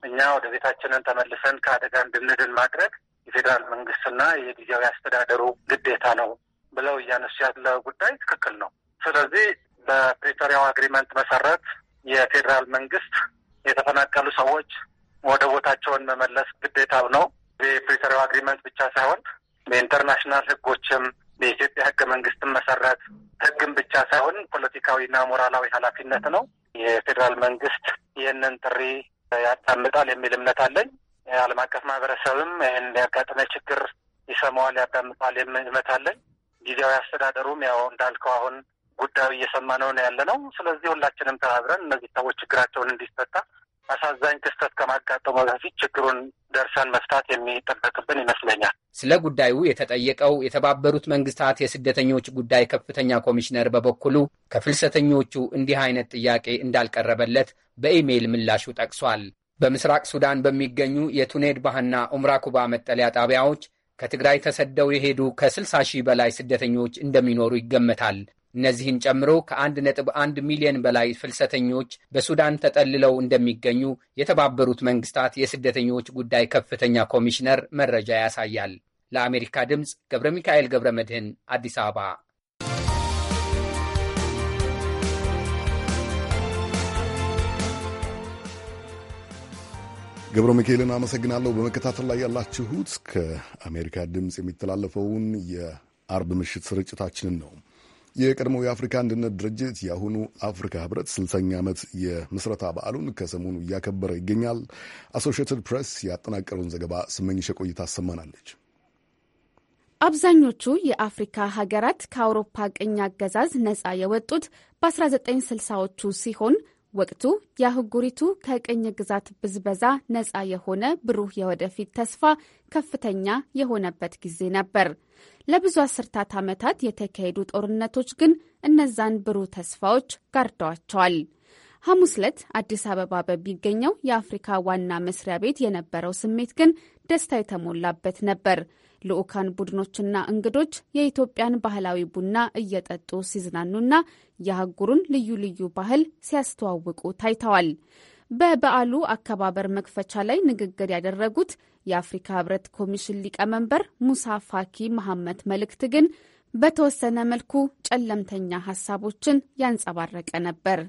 እኛ ወደ ቤታችንን ተመልሰን ከአደጋ እንድንድን ማድረግ የፌዴራል መንግስትና የጊዜያዊ አስተዳደሩ ግዴታ ነው ብለው እያነሱ ያለ ጉዳይ ትክክል ነው። ስለዚህ በፕሪቶሪያው አግሪመንት መሰረት የፌዴራል መንግስት የተፈናቀሉ ሰዎች ወደ ቦታቸውን መመለስ ግዴታ ነው። የፕሪቶሪያው አግሪመንት ብቻ ሳይሆን በኢንተርናሽናል ህጎችም በኢትዮጵያ ህገ መንግስትን መሰረት ህግም ብቻ ሳይሆን ፖለቲካዊና ሞራላዊ ኃላፊነት ነው። የፌዴራል መንግስት ይህንን ጥሪ ያዳምጣል የሚል እምነት አለኝ። ዓለም አቀፍ ማህበረሰብም ይህን ያጋጠመ ችግር ይሰማዋል፣ ያዳምጣል የሚል እምነት አለኝ። ጊዜያዊ አስተዳደሩም ያው እንዳልከው አሁን ጉዳዩ እየሰማ ነው ያለ ነው። ስለዚህ ሁላችንም ተባብረን እነዚህ ሰዎች ችግራቸውን እንዲፈታ አሳዛኝ ክስተት ከማጋጠሙ በፊት ችግሩን ደርሰን መፍታት የሚጠበቅብን ይመስለኛል። ስለ ጉዳዩ የተጠየቀው የተባበሩት መንግስታት የስደተኞች ጉዳይ ከፍተኛ ኮሚሽነር በበኩሉ ከፍልሰተኞቹ እንዲህ አይነት ጥያቄ እንዳልቀረበለት በኢሜይል ምላሹ ጠቅሷል። በምስራቅ ሱዳን በሚገኙ የቱኔድ ባህና ኡምራኩባ መጠለያ ጣቢያዎች ከትግራይ ተሰደው የሄዱ ከ60 ሺህ በላይ ስደተኞች እንደሚኖሩ ይገመታል። እነዚህን ጨምሮ ከ1.1 ሚሊዮን በላይ ፍልሰተኞች በሱዳን ተጠልለው እንደሚገኙ የተባበሩት መንግስታት የስደተኞች ጉዳይ ከፍተኛ ኮሚሽነር መረጃ ያሳያል። ለአሜሪካ ድምፅ ገብረ ሚካኤል ገብረ መድህን አዲስ አበባ ገብረ ሚካኤልን አመሰግናለሁ። በመከታተል ላይ ያላችሁት ከአሜሪካ ድምፅ የሚተላለፈውን የአርብ ምሽት ስርጭታችንን ነው። የቀድሞው የአፍሪካ አንድነት ድርጅት የአሁኑ አፍሪካ ህብረት ስልሳኛ ዓመት የምስረታ በዓሉን ከሰሞኑ እያከበረ ይገኛል። አሶሽትድ ፕሬስ ያጠናቀረውን ዘገባ ስመኝሸ ቆይታ አሰማናለች። አብዛኞቹ የአፍሪካ ሀገራት ከአውሮፓ ቅኝ አገዛዝ ነፃ የወጡት በ1960ዎቹ ሲሆን ወቅቱ የአህጉሪቱ ከቅኝ ግዛት ብዝበዛ ነፃ የሆነ ብሩህ የወደፊት ተስፋ ከፍተኛ የሆነበት ጊዜ ነበር። ለብዙ አስርታት ዓመታት የተካሄዱ ጦርነቶች ግን እነዛን ብሩህ ተስፋዎች ጋርደዋቸዋል። ሐሙስ ዕለት አዲስ አበባ በሚገኘው የአፍሪካ ዋና መስሪያ ቤት የነበረው ስሜት ግን ደስታ የተሞላበት ነበር። ልዑካን ቡድኖችና እንግዶች የኢትዮጵያን ባህላዊ ቡና እየጠጡ ሲዝናኑና የአህጉሩን ልዩ ልዩ ባህል ሲያስተዋውቁ ታይተዋል። በበዓሉ አከባበር መክፈቻ ላይ ንግግር ያደረጉት የአፍሪካ ህብረት ኮሚሽን ሊቀመንበር ሙሳ ፋኪ መሐመድ መልእክት ግን በተወሰነ መልኩ ጨለምተኛ ሀሳቦችን ያንጸባረቀ ነበር።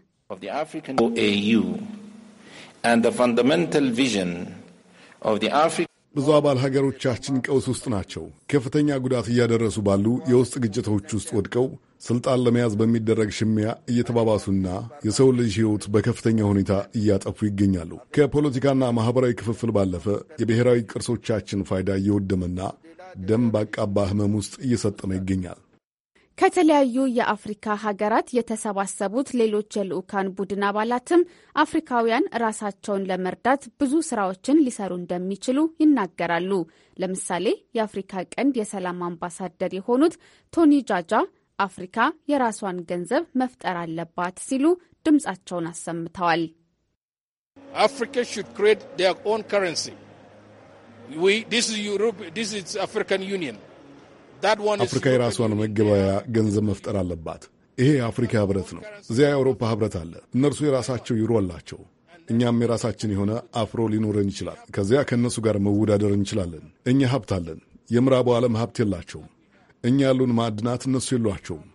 ብዙ አባል ሀገሮቻችን ቀውስ ውስጥ ናቸው። ከፍተኛ ጉዳት እያደረሱ ባሉ የውስጥ ግጭቶች ውስጥ ወድቀው ስልጣን ለመያዝ በሚደረግ ሽሚያ እየተባባሱና የሰው ልጅ ሕይወት በከፍተኛ ሁኔታ እያጠፉ ይገኛሉ። ከፖለቲካና ማኅበራዊ ክፍፍል ባለፈ የብሔራዊ ቅርሶቻችን ፋይዳ እየወደመና ደም ባቃባ ህመም ውስጥ እየሰጠመ ይገኛል። ከተለያዩ የአፍሪካ ሀገራት የተሰባሰቡት ሌሎች የልዑካን ቡድን አባላትም አፍሪካውያን ራሳቸውን ለመርዳት ብዙ ስራዎችን ሊሰሩ እንደሚችሉ ይናገራሉ። ለምሳሌ የአፍሪካ ቀንድ የሰላም አምባሳደር የሆኑት ቶኒ ጃጃ አፍሪካ የራሷን ገንዘብ መፍጠር አለባት ሲሉ ድምጻቸውን አሰምተዋል። አፍሪካ ሹድ ክሬት ኦን ከረንሲ ዲስ ኢዝ አፍሪካን ዩኒየን አፍሪካ የራሷን መገበያ ገንዘብ መፍጠር አለባት። ይሄ የአፍሪካ ህብረት ነው። እዚያ የአውሮፓ ህብረት አለ። እነርሱ የራሳቸው ዩሮ አላቸው። እኛም የራሳችን የሆነ አፍሮ ሊኖረን ይችላል። ከዚያ ከእነሱ ጋር መወዳደር እንችላለን። እኛ ሀብት አለን። የምዕራቡ ዓለም ሀብት የላቸውም። እኛ ያሉን ማዕድናት እነሱ የሏቸውም።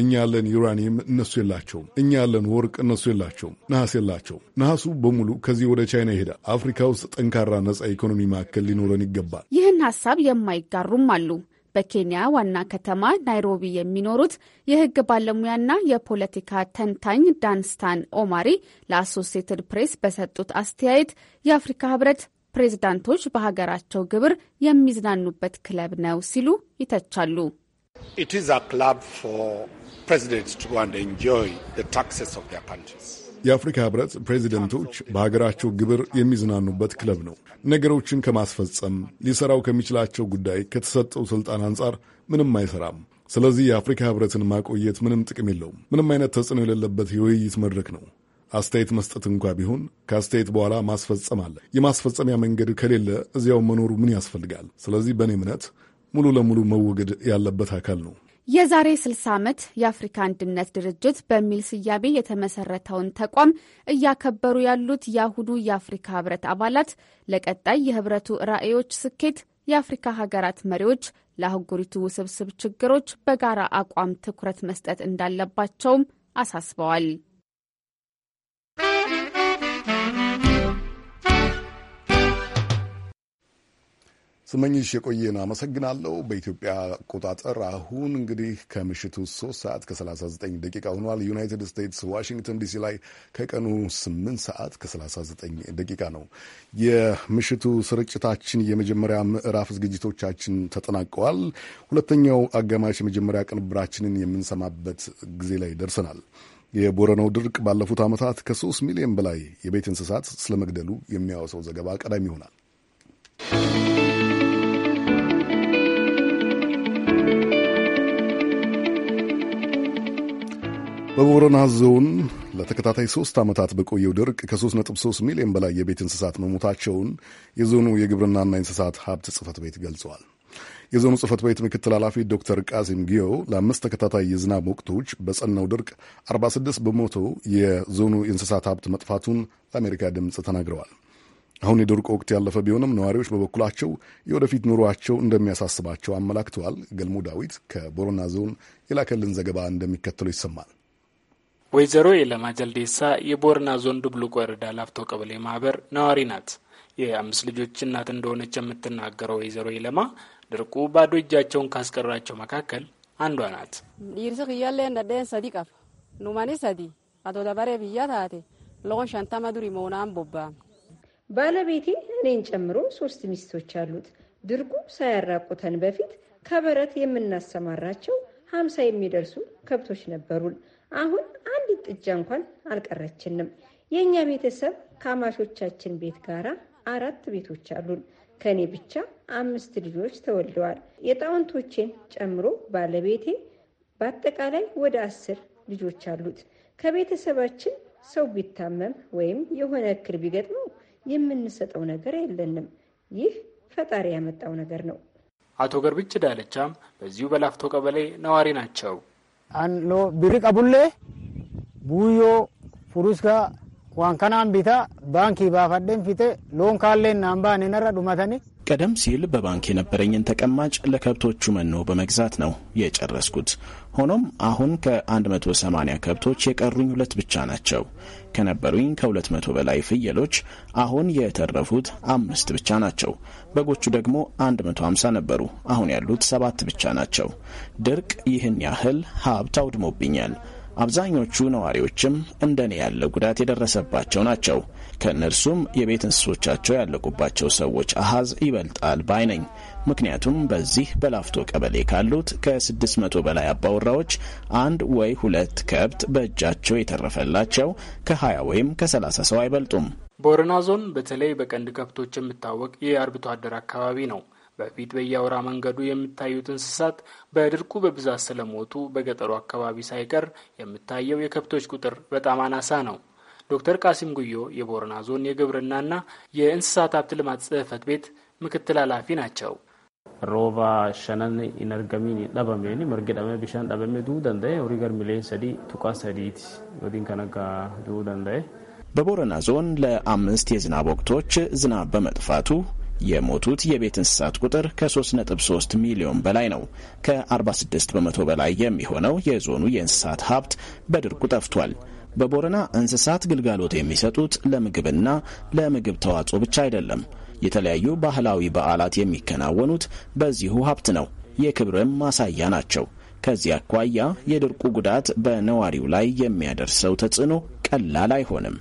እኛ ያለን ዩራኒየም እነሱ የላቸውም። እኛ ያለን ወርቅ እነሱ የላቸውም። ነሐስ የላቸውም። ነሐሱ በሙሉ ከዚህ ወደ ቻይና ይሄዳል። አፍሪካ ውስጥ ጠንካራ ነጻ ኢኮኖሚ ማዕከል ሊኖረን ይገባል። ይህን ሀሳብ የማይጋሩም አሉ። በኬንያ ዋና ከተማ ናይሮቢ የሚኖሩት የሕግ ባለሙያና የፖለቲካ ተንታኝ ዳንስታን ኦማሪ ለአሶሴትድ ፕሬስ በሰጡት አስተያየት የአፍሪካ ሕብረት ፕሬዝዳንቶች በሀገራቸው ግብር የሚዝናኑበት ክለብ ነው ሲሉ ይተቻሉ። It is a club ኦፍ ካንትሪስ የአፍሪካ ህብረት ፕሬዚደንቶች በሀገራቸው ግብር የሚዝናኑበት ክለብ ነው። ነገሮችን ከማስፈጸም ሊሰራው ከሚችላቸው ጉዳይ ከተሰጠው ስልጣን አንጻር ምንም አይሰራም። ስለዚህ የአፍሪካ ህብረትን ማቆየት ምንም ጥቅም የለውም። ምንም አይነት ተጽዕኖ የሌለበት የውይይት መድረክ ነው። አስተያየት መስጠት እንኳ ቢሆን ከአስተያየት በኋላ ማስፈጸም አለ። የማስፈጸሚያ መንገድ ከሌለ እዚያው መኖሩ ምን ያስፈልጋል? ስለዚህ በእኔ እምነት ሙሉ ለሙሉ መወገድ ያለበት አካል ነው። የዛሬ 60 ዓመት የአፍሪካ አንድነት ድርጅት በሚል ስያሜ የተመሰረተውን ተቋም እያከበሩ ያሉት የአሁኑ የአፍሪካ ህብረት አባላት ለቀጣይ የህብረቱ ራዕዮች ስኬት የአፍሪካ ሀገራት መሪዎች ለአህጉሪቱ ውስብስብ ችግሮች በጋራ አቋም ትኩረት መስጠት እንዳለባቸውም አሳስበዋል። ስመኝሽ የቆየን አመሰግናለሁ። በኢትዮጵያ አቆጣጠር አሁን እንግዲህ ከምሽቱ 3 ሰዓት ከ39 ደቂቃ ሆኗል። ዩናይትድ ስቴትስ ዋሽንግተን ዲሲ ላይ ከቀኑ 8 ሰዓት ከ39 ደቂቃ ነው። የምሽቱ ስርጭታችን የመጀመሪያ ምዕራፍ ዝግጅቶቻችን ተጠናቀዋል። ሁለተኛው አጋማሽ የመጀመሪያ ቅንብራችንን የምንሰማበት ጊዜ ላይ ደርሰናል። የቦረናው ድርቅ ባለፉት ዓመታት ከ3 ሚሊዮን በላይ የቤት እንስሳት ስለመግደሉ የሚያወሳው ዘገባ ቀዳሚ ይሆናል። በቦረና ዞን ለተከታታይ ሶስት ዓመታት በቆየው ድርቅ ከ3.3 ሚሊዮን በላይ የቤት እንስሳት መሞታቸውን የዞኑ የግብርናና የእንስሳት ሀብት ጽህፈት ቤት ገልጸዋል። የዞኑ ጽህፈት ቤት ምክትል ኃላፊ ዶክተር ቃሲም ጊዮ ለአምስት ተከታታይ የዝናብ ወቅቶች በጸናው ድርቅ 46 በመቶ የዞኑ የእንስሳት ሀብት መጥፋቱን ለአሜሪካ ድምፅ ተናግረዋል። አሁን የድርቁ ወቅት ያለፈ ቢሆንም ነዋሪዎች በበኩላቸው የወደፊት ኑሯቸው እንደሚያሳስባቸው አመላክተዋል። ገልሞ ዳዊት ከቦረና ዞን የላከልን ዘገባ እንደሚከተለው ይሰማል። ወይዘሮ የለማ ጀልዴሳ የቦርና ዞን ድብሉቅ ወረዳ ላፍቶ ቀበሌ ማህበር ነዋሪ ናት። የአምስት ልጆች እናት እንደሆነች የምትናገረው ወይዘሮ የለማ ድርቁ ባዶ እጃቸውን ካስቀራቸው መካከል አንዷ ናት። ይርስ እያለ ሰዲ ቀፍ ኑማኔ ሰዲ አቶ ደበሬ ብያ ታቴ ለሆን ሸንተመ ዱሪ መሆናን ቦባ ባለቤቴ እኔን ጨምሮ ሶስት ሚስቶች አሉት። ድርቁ ሳያራቁተን በፊት ከበረት የምናሰማራቸው ሀምሳ የሚደርሱ ከብቶች ነበሩን። አሁን አንድ ጥጃ እንኳን አልቀረችንም። የእኛ ቤተሰብ ከአማሾቻችን ቤት ጋር አራት ቤቶች አሉን። ከእኔ ብቻ አምስት ልጆች ተወልደዋል። የጣውንቶቼን ጨምሮ ባለቤቴ በአጠቃላይ ወደ አስር ልጆች አሉት። ከቤተሰባችን ሰው ቢታመም ወይም የሆነ እክል ቢገጥመው የምንሰጠው ነገር የለንም። ይህ ፈጣሪ ያመጣው ነገር ነው። አቶ ገርብች ዳለቻም በዚሁ በላፍቶ ቀበሌ ነዋሪ ናቸው። birri qabullee buuyyoo furuska waan kanaan bitaa baankii baafadheen fite loon kaalleen naan baane narra dhumatanii ቀደም ሲል በባንክ የነበረኝን ተቀማጭ ለከብቶቹ መኖ በመግዛት ነው የጨረስኩት። ሆኖም አሁን ከ180 ከብቶች የቀሩኝ ሁለት ብቻ ናቸው። ከነበሩኝ ከ200 በላይ ፍየሎች አሁን የተረፉት አምስት ብቻ ናቸው። በጎቹ ደግሞ 150 ነበሩ። አሁን ያሉት ሰባት ብቻ ናቸው። ድርቅ ይህን ያህል ሀብት አውድሞብኛል። አብዛኞቹ ነዋሪዎችም እንደኔ ያለ ጉዳት የደረሰባቸው ናቸው። ከእነርሱም የቤት እንስሶቻቸው ያለቁባቸው ሰዎች አሃዝ ይበልጣል ባይ ነኝ። ምክንያቱም በዚህ በላፍቶ ቀበሌ ካሉት ከ600 በላይ አባወራዎች አንድ ወይ ሁለት ከብት በእጃቸው የተረፈላቸው ከ20 ወይም ከ30 ሰው አይበልጡም። ቦረና ዞን በተለይ በቀንድ ከብቶች የሚታወቅ የአርብቶ አደር አካባቢ ነው። በፊት በየአውራ መንገዱ የሚታዩት እንስሳት በድርቁ በብዛት ስለሞቱ በገጠሩ አካባቢ ሳይቀር የሚታየው የከብቶች ቁጥር በጣም አናሳ ነው። ዶክተር ቃሲም ጉዮ የቦረና ዞን የግብርናና የእንስሳት ሀብት ልማት ጽህፈት ቤት ምክትል ኃላፊ ናቸው። ሮባ ሸነን ኢነርገሚን ዳበሜን መርጌ ዳበ ቢሻን ዳበሜ ዱ ደንዳኤ ሆሪ ገርሚሌን ሰዲ ቱቃ ሰዲት ወዲን ከነጋ ዱ ደንዳኤ በቦረና ዞን ለአምስት የዝናብ ወቅቶች ዝናብ በመጥፋቱ የሞቱት የቤት እንስሳት ቁጥር ከ3.3 ሚሊዮን በላይ ነው። ከ46 በመቶ በላይ የሚሆነው የዞኑ የእንስሳት ሀብት በድርቁ ጠፍቷል። በቦረና እንስሳት ግልጋሎት የሚሰጡት ለምግብና ለምግብ ተዋጽኦ ብቻ አይደለም። የተለያዩ ባህላዊ በዓላት የሚከናወኑት በዚሁ ሀብት ነው። የክብርም ማሳያ ናቸው። ከዚህ አኳያ የድርቁ ጉዳት በነዋሪው ላይ የሚያደርሰው ተጽዕኖ ቀላል አይሆንም።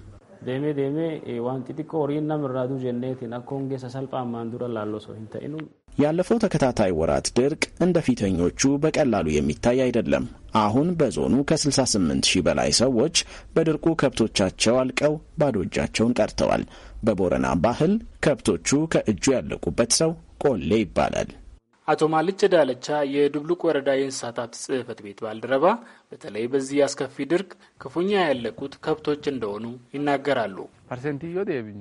deemee deemee eh, waan xixiqqoo horiin nam irraa duu jenneetiin akka hongeessa salphaamaan dura laalloo hin ta'inu ያለፈው ተከታታይ ወራት ድርቅ እንደ ፊተኞቹ በቀላሉ የሚታይ አይደለም። አሁን በዞኑ ከ68 ሺህ በላይ ሰዎች በድርቁ ከብቶቻቸው አልቀው ባዶ እጃቸውን ቀርተዋል። በቦረና ባህል ከብቶቹ ከእጁ ያለቁበት ሰው ቆሌ ይባላል። አቶ ማልጭ ዳለቻ የድብሉቅ ወረዳ የእንስሳታት ጽህፈት ቤት ባልደረባ በተለይ በዚህ አስከፊ ድርቅ ክፉኛ ያለቁት ከብቶች እንደሆኑ ይናገራሉ። ፐርሰንትዮ ደብኙ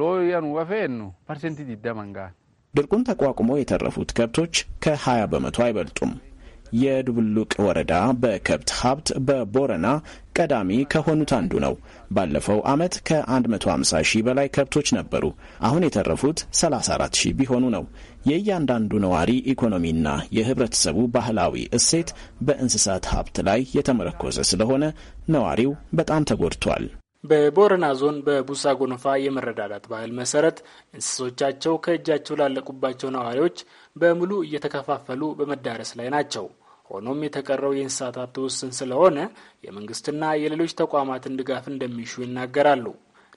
ሎያን ወፌኑ ፐርሰንት ይደመንጋል ድርቁን ተቋቁሞ የተረፉት ከብቶች ከ20 በመቶ አይበልጡም። የድብሉቅ ወረዳ በከብት ሀብት በቦረና ቀዳሚ ከሆኑት አንዱ ነው። ባለፈው ዓመት ከ150 ሺህ በላይ ከብቶች ነበሩ። አሁን የተረፉት 34 ሺህ ቢሆኑ ነው። የእያንዳንዱ ነዋሪ ኢኮኖሚና የህብረተሰቡ ባህላዊ እሴት በእንስሳት ሀብት ላይ የተመረኮዘ ስለሆነ ነዋሪው በጣም ተጎድቷል። በቦረና ዞን በቡሳ ጎንፋ የመረዳዳት ባህል መሰረት እንስሶቻቸው ከእጃቸው ላለቁባቸው ነዋሪዎች በሙሉ እየተከፋፈሉ በመዳረስ ላይ ናቸው። ሆኖም የተቀረው የእንስሳት ሀብት ውስን ስለሆነ የመንግስትና የሌሎች ተቋማትን ድጋፍ እንደሚሹ ይናገራሉ።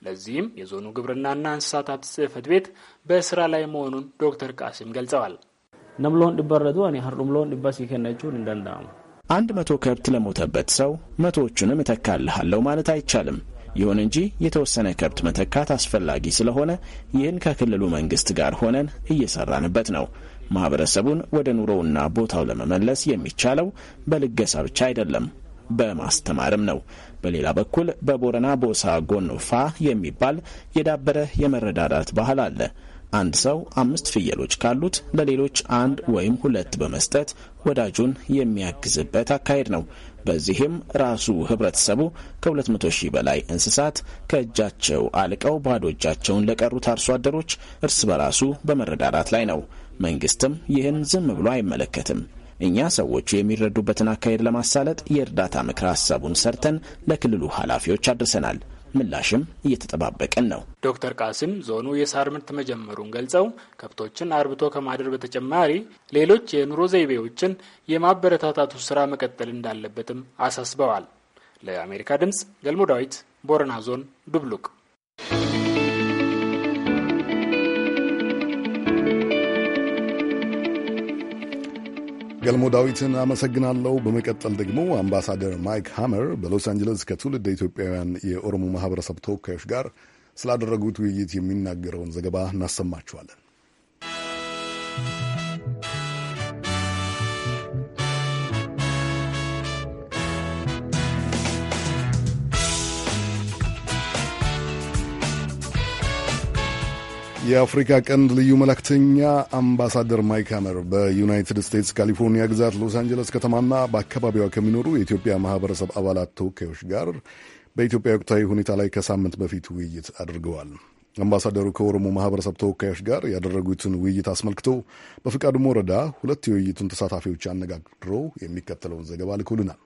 ለዚህም የዞኑ ግብርናና እንስሳት ሀብት ቤት በስራ ላይ መሆኑን ዶክተር ቃሲም ገልጸዋል። ነምሎን ድበረቱ እኔ ሀርዱምሎን ድባስ ይከነችውን እንደንዳሙ አንድ መቶ ከብት ለሞተበት ሰው መቶዎቹንም እተካልሃለሁ ማለት አይቻልም። ይሁን እንጂ የተወሰነ ከብት መተካት አስፈላጊ ስለሆነ ይህን ከክልሉ መንግስት ጋር ሆነን እየሰራንበት ነው። ማህበረሰቡን ወደ ኑሮውና ቦታው ለመመለስ የሚቻለው በልገሳ ብቻ አይደለም፣ በማስተማርም ነው። በሌላ በኩል በቦረና ቦሳ ጎኖፋ የሚባል የዳበረ የመረዳዳት ባህል አለ። አንድ ሰው አምስት ፍየሎች ካሉት ለሌሎች አንድ ወይም ሁለት በመስጠት ወዳጁን የሚያግዝበት አካሄድ ነው። በዚህም ራሱ ህብረተሰቡ ከ200 ሺህ በላይ እንስሳት ከእጃቸው አልቀው ባዶ እጃቸውን ለቀሩት አርሶ አደሮች እርስ በራሱ በመረዳዳት ላይ ነው። መንግስትም ይህን ዝም ብሎ አይመለከትም። እኛ ሰዎቹ የሚረዱበትን አካሄድ ለማሳለጥ የእርዳታ ምክረ ሀሳቡን ሰርተን ለክልሉ ኃላፊዎች አድርሰናል። ምላሽም እየተጠባበቀን ነው። ዶክተር ቃሲም ዞኑ የሳር ምርት መጀመሩን ገልጸው ከብቶችን አርብቶ ከማደር በተጨማሪ ሌሎች የኑሮ ዘይቤዎችን የማበረታታቱ ስራ መቀጠል እንዳለበትም አሳስበዋል። ለአሜሪካ ድምፅ ገልሞ ዳዊት ቦረና ዞን ዱብሉቅ ገልሞ ዳዊትን አመሰግናለሁ። በመቀጠል ደግሞ አምባሳደር ማይክ ሃመር በሎስ አንጀለስ ከትውልድ ኢትዮጵያውያን የኦሮሞ ማህበረሰብ ተወካዮች ጋር ስላደረጉት ውይይት የሚናገረውን ዘገባ እናሰማችኋለን። የአፍሪካ ቀንድ ልዩ መልእክተኛ አምባሳደር ማይክ አመር በዩናይትድ ስቴትስ ካሊፎርኒያ ግዛት ሎስ አንጀለስ ከተማና በአካባቢዋ ከሚኖሩ የኢትዮጵያ ማህበረሰብ አባላት ተወካዮች ጋር በኢትዮጵያ ወቅታዊ ሁኔታ ላይ ከሳምንት በፊት ውይይት አድርገዋል። አምባሳደሩ ከኦሮሞ ማህበረሰብ ተወካዮች ጋር ያደረጉትን ውይይት አስመልክቶ በፍቃዱ ወረዳ ሁለት የውይይቱን ተሳታፊዎች አነጋግሮ የሚከተለውን ዘገባ ልኮልናል።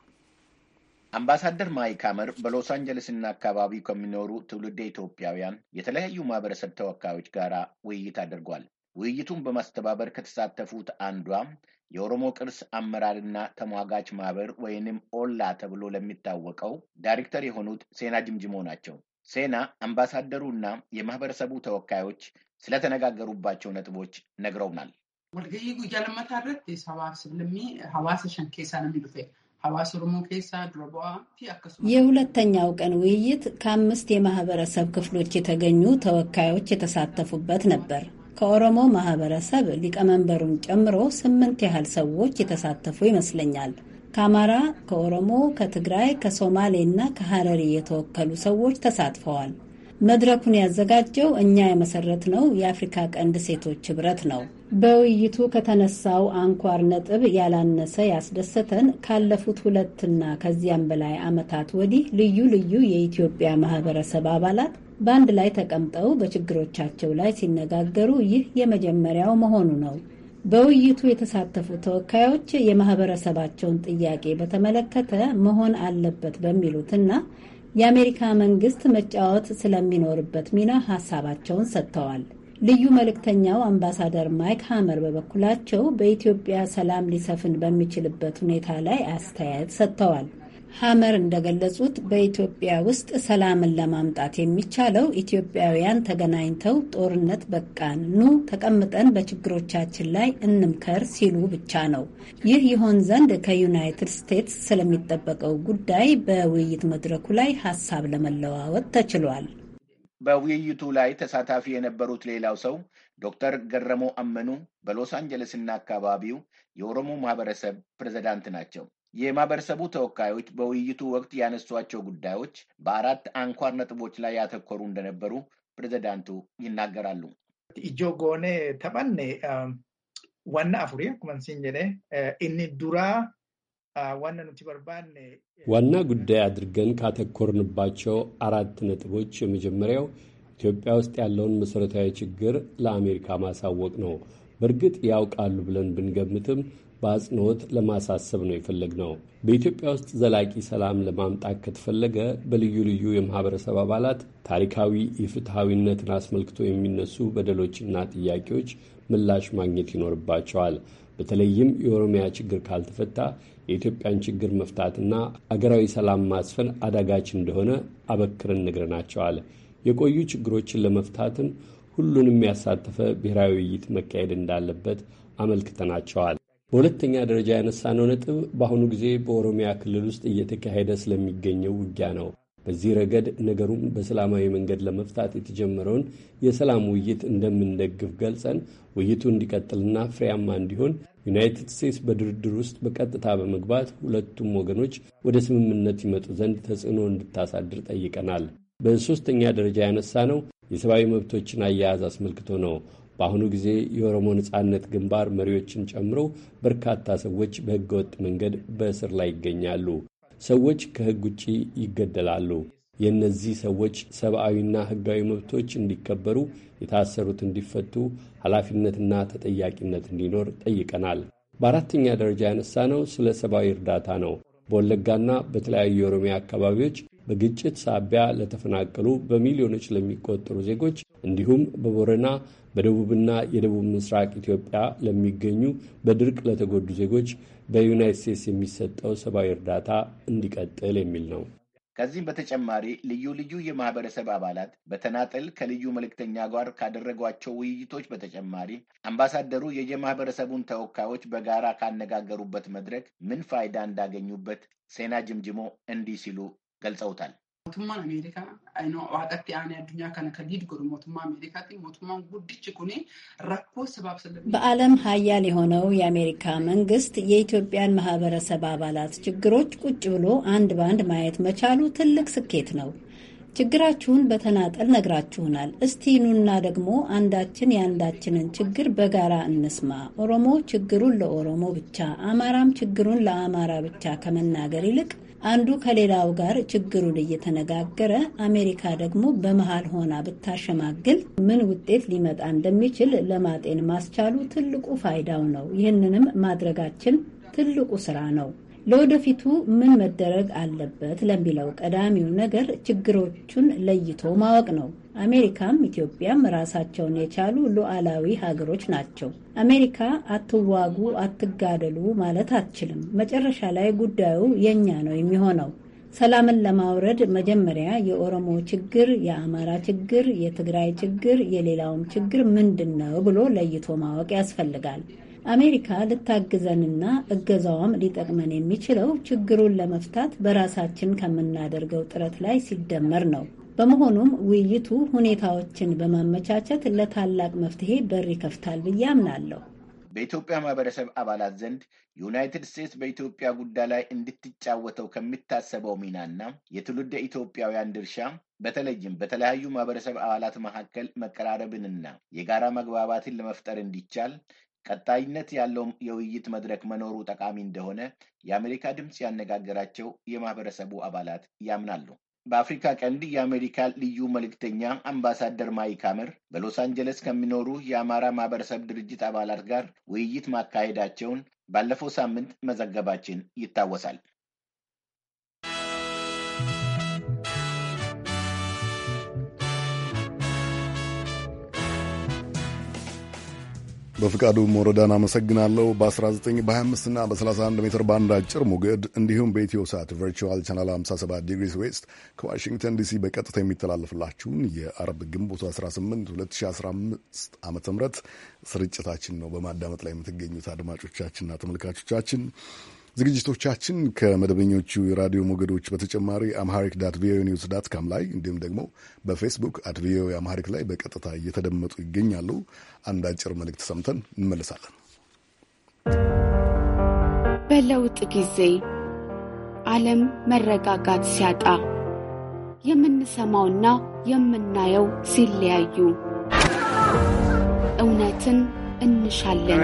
አምባሳደር ማይክ አመር በሎስ አንጀለስና አካባቢ ከሚኖሩ ትውልደ ኢትዮጵያውያን የተለያዩ ማህበረሰብ ተወካዮች ጋር ውይይት አድርጓል። ውይይቱን በማስተባበር ከተሳተፉት አንዷ የኦሮሞ ቅርስ አመራርና ተሟጋች ማህበር ወይንም ኦላ ተብሎ ለሚታወቀው ዳይሬክተር የሆኑት ሴና ጅምጅሞ ናቸው። ሴና አምባሳደሩና የማህበረሰቡ ተወካዮች ስለተነጋገሩባቸው ነጥቦች ነግረውናል። ወልገይ ጉያ ለመታረት ሰባብ ስብልሚ ሀዋሰ ሸንኬሳ ነው የሚሉት የሁለተኛው ቀን ውይይት ከአምስት የማህበረሰብ ክፍሎች የተገኙ ተወካዮች የተሳተፉበት ነበር። ከኦሮሞ ማህበረሰብ ሊቀመንበሩን ጨምሮ ስምንት ያህል ሰዎች የተሳተፉ ይመስለኛል። ከአማራ፣ ከኦሮሞ፣ ከትግራይ፣ ከሶማሌ እና ከሀረሪ የተወከሉ ሰዎች ተሳትፈዋል። መድረኩን ያዘጋጀው እኛ የመሰረትነው የአፍሪካ ቀንድ ሴቶች ህብረት ነው። በውይይቱ ከተነሳው አንኳር ነጥብ ያላነሰ ያስደሰተን ካለፉት ሁለትና ከዚያም በላይ ዓመታት ወዲህ ልዩ ልዩ የኢትዮጵያ ማህበረሰብ አባላት በአንድ ላይ ተቀምጠው በችግሮቻቸው ላይ ሲነጋገሩ ይህ የመጀመሪያው መሆኑ ነው። በውይይቱ የተሳተፉ ተወካዮች የማህበረሰባቸውን ጥያቄ በተመለከተ መሆን አለበት በሚሉትና የአሜሪካ መንግስት መጫወት ስለሚኖርበት ሚና ሀሳባቸውን ሰጥተዋል። ልዩ መልእክተኛው አምባሳደር ማይክ ሀመር በበኩላቸው በኢትዮጵያ ሰላም ሊሰፍን በሚችልበት ሁኔታ ላይ አስተያየት ሰጥተዋል። ሐመር እንደገለጹት በኢትዮጵያ ውስጥ ሰላምን ለማምጣት የሚቻለው ኢትዮጵያውያን ተገናኝተው ጦርነት በቃን፣ ኑ ተቀምጠን በችግሮቻችን ላይ እንምከር ሲሉ ብቻ ነው። ይህ ይሆን ዘንድ ከዩናይትድ ስቴትስ ስለሚጠበቀው ጉዳይ በውይይት መድረኩ ላይ ሀሳብ ለመለዋወጥ ተችሏል። በውይይቱ ላይ ተሳታፊ የነበሩት ሌላው ሰው ዶክተር ገረሞ አመኑ በሎስ አንጀለስና አካባቢው የኦሮሞ ማህበረሰብ ፕሬዚዳንት ናቸው። የማህበረሰቡ ተወካዮች በውይይቱ ወቅት ያነሷቸው ጉዳዮች በአራት አንኳር ነጥቦች ላይ ያተኮሩ እንደነበሩ ፕሬዚዳንቱ ይናገራሉ። ኢጆጎኔ ተባኔ ዋና አፉሪ ኩመንሲን እኒ ዱራ ዋና ኑቲ በርባኔ ዋና ጉዳይ አድርገን ካተኮርንባቸው አራት ነጥቦች የመጀመሪያው ኢትዮጵያ ውስጥ ያለውን መሰረታዊ ችግር ለአሜሪካ ማሳወቅ ነው። በእርግጥ ያውቃሉ ብለን ብንገምትም በአጽንኦት ለማሳሰብ ነው ነው። በኢትዮጵያ ውስጥ ዘላቂ ሰላም ለማምጣት ከተፈለገ በልዩ ልዩ የማህበረሰብ አባላት ታሪካዊ የፍትሐዊነትን አስመልክቶ የሚነሱ በደሎችና ጥያቄዎች ምላሽ ማግኘት ይኖርባቸዋል። በተለይም የኦሮሚያ ችግር ካልተፈታ የኢትዮጵያን ችግር መፍታትና አገራዊ ሰላም ማስፈን አዳጋች እንደሆነ አበክረን ነግረናቸዋል። የቆዩ ችግሮችን ለመፍታትም ሁሉንም ያሳተፈ ብሔራዊ ውይይት መካሄድ እንዳለበት አመልክተናቸዋል። በሁለተኛ ደረጃ ያነሳነው ነጥብ በአሁኑ ጊዜ በኦሮሚያ ክልል ውስጥ እየተካሄደ ስለሚገኘው ውጊያ ነው። በዚህ ረገድ ነገሩም በሰላማዊ መንገድ ለመፍታት የተጀመረውን የሰላም ውይይት እንደምንደግፍ ገልጸን ውይይቱ እንዲቀጥልና ፍሬያማ እንዲሆን ዩናይትድ ስቴትስ በድርድር ውስጥ በቀጥታ በመግባት ሁለቱም ወገኖች ወደ ስምምነት ይመጡ ዘንድ ተጽዕኖ እንድታሳድር ጠይቀናል። በሦስተኛ ደረጃ ያነሳ ነው የሰብአዊ መብቶችን አያያዝ አስመልክቶ ነው። በአሁኑ ጊዜ የኦሮሞ ነጻነት ግንባር መሪዎችን ጨምሮ በርካታ ሰዎች በህገወጥ መንገድ በእስር ላይ ይገኛሉ። ሰዎች ከህግ ውጪ ይገደላሉ። የእነዚህ ሰዎች ሰብአዊና ህጋዊ መብቶች እንዲከበሩ፣ የታሰሩት እንዲፈቱ፣ ኃላፊነትና ተጠያቂነት እንዲኖር ጠይቀናል። በአራተኛ ደረጃ ያነሳነው ስለ ሰብአዊ እርዳታ ነው። በወለጋና በተለያዩ የኦሮሚያ አካባቢዎች በግጭት ሳቢያ ለተፈናቀሉ በሚሊዮኖች ለሚቆጠሩ ዜጎች እንዲሁም በቦረና በደቡብና የደቡብ ምስራቅ ኢትዮጵያ ለሚገኙ በድርቅ ለተጎዱ ዜጎች በዩናይት ስቴትስ የሚሰጠው ሰብአዊ እርዳታ እንዲቀጥል የሚል ነው። ከዚህም በተጨማሪ ልዩ ልዩ የማህበረሰብ አባላት በተናጠል ከልዩ መልእክተኛ ጋር ካደረጓቸው ውይይቶች በተጨማሪ አምባሳደሩ የየማህበረሰቡን ተወካዮች በጋራ ካነጋገሩበት መድረክ ምን ፋይዳ እንዳገኙበት ሴና ጅምጅሞ እንዲህ ሲሉ ገልጸውታል። Mootummaan Ameerikaa waaqatti aanee addunyaa kana kan godhu mootummaa Ameerikaati. Mootummaan guddichi kuni rakkoo sabaaf በዓለም ሀያል የሆነው የአሜሪካ መንግስት የኢትዮጵያን ማህበረሰብ አባላት ችግሮች ቁጭ ብሎ አንድ በአንድ ማየት መቻሉ ትልቅ ስኬት ነው። ችግራችሁን በተናጠል ነግራችሁናል። እስቲ ኑና ደግሞ አንዳችን የአንዳችንን ችግር በጋራ እንስማ። ኦሮሞ ችግሩን ለኦሮሞ ብቻ፣ አማራም ችግሩን ለአማራ ብቻ ከመናገር ይልቅ አንዱ ከሌላው ጋር ችግሩን እየተነጋገረ አሜሪካ ደግሞ በመሃል ሆና ብታሸማግል ምን ውጤት ሊመጣ እንደሚችል ለማጤን ማስቻሉ ትልቁ ፋይዳው ነው። ይህንንም ማድረጋችን ትልቁ ስራ ነው። ለወደፊቱ ምን መደረግ አለበት ለሚለው ቀዳሚው ነገር ችግሮቹን ለይቶ ማወቅ ነው። አሜሪካም ኢትዮጵያም ራሳቸውን የቻሉ ሉዓላዊ ሀገሮች ናቸው። አሜሪካ አትዋጉ፣ አትጋደሉ ማለት አትችልም። መጨረሻ ላይ ጉዳዩ የእኛ ነው የሚሆነው። ሰላምን ለማውረድ መጀመሪያ የኦሮሞ ችግር፣ የአማራ ችግር፣ የትግራይ ችግር፣ የሌላውም ችግር ምንድን ነው ብሎ ለይቶ ማወቅ ያስፈልጋል። አሜሪካ ልታግዘንና እገዛዋም ሊጠቅመን የሚችለው ችግሩን ለመፍታት በራሳችን ከምናደርገው ጥረት ላይ ሲደመር ነው። በመሆኑም ውይይቱ ሁኔታዎችን በማመቻቸት ለታላቅ መፍትሄ በር ይከፍታል ብዬ አምናለሁ። በኢትዮጵያ ማህበረሰብ አባላት ዘንድ ዩናይትድ ስቴትስ በኢትዮጵያ ጉዳይ ላይ እንድትጫወተው ከሚታሰበው ሚናና የትውልደ ኢትዮጵያውያን ድርሻ በተለይም በተለያዩ ማህበረሰብ አባላት መካከል መቀራረብንና የጋራ መግባባትን ለመፍጠር እንዲቻል ቀጣይነት ያለው የውይይት መድረክ መኖሩ ጠቃሚ እንደሆነ የአሜሪካ ድምፅ ያነጋገራቸው የማህበረሰቡ አባላት ያምናሉ። በአፍሪካ ቀንድ የአሜሪካ ልዩ መልእክተኛ አምባሳደር ማይክ ሐመር በሎስ አንጀለስ ከሚኖሩ የአማራ ማህበረሰብ ድርጅት አባላት ጋር ውይይት ማካሄዳቸውን ባለፈው ሳምንት መዘገባችን ይታወሳል። በፍቃዱ ሞረዳን አመሰግናለሁ። በ19 በ25 እና በ31 ሜትር ባንድ አጭር ሞገድ እንዲሁም በኢትዮ ሳት ቨርቹዋል ቻናል 57 ዲግሪስ ዌስት ከዋሽንግተን ዲሲ በቀጥታ የሚተላለፍላችሁን የአረብ ግንቦት 18 2015 ዓ ም ስርጭታችን ነው በማዳመጥ ላይ የምትገኙት አድማጮቻችንና ተመልካቾቻችን። ዝግጅቶቻችን ከመደበኞቹ የራዲዮ ሞገዶች በተጨማሪ አምሃሪክ ዳት ቪኦኤ ኒውስ ዳት ካም ላይ እንዲሁም ደግሞ በፌስቡክ አት ቪኦኤ አምሃሪክ ላይ በቀጥታ እየተደመጡ ይገኛሉ። አንድ አጭር መልእክት ሰምተን እንመለሳለን። በለውጥ ጊዜ ዓለም መረጋጋት ሲያጣ የምንሰማውና የምናየው ሲለያዩ እውነትን እንሻለን።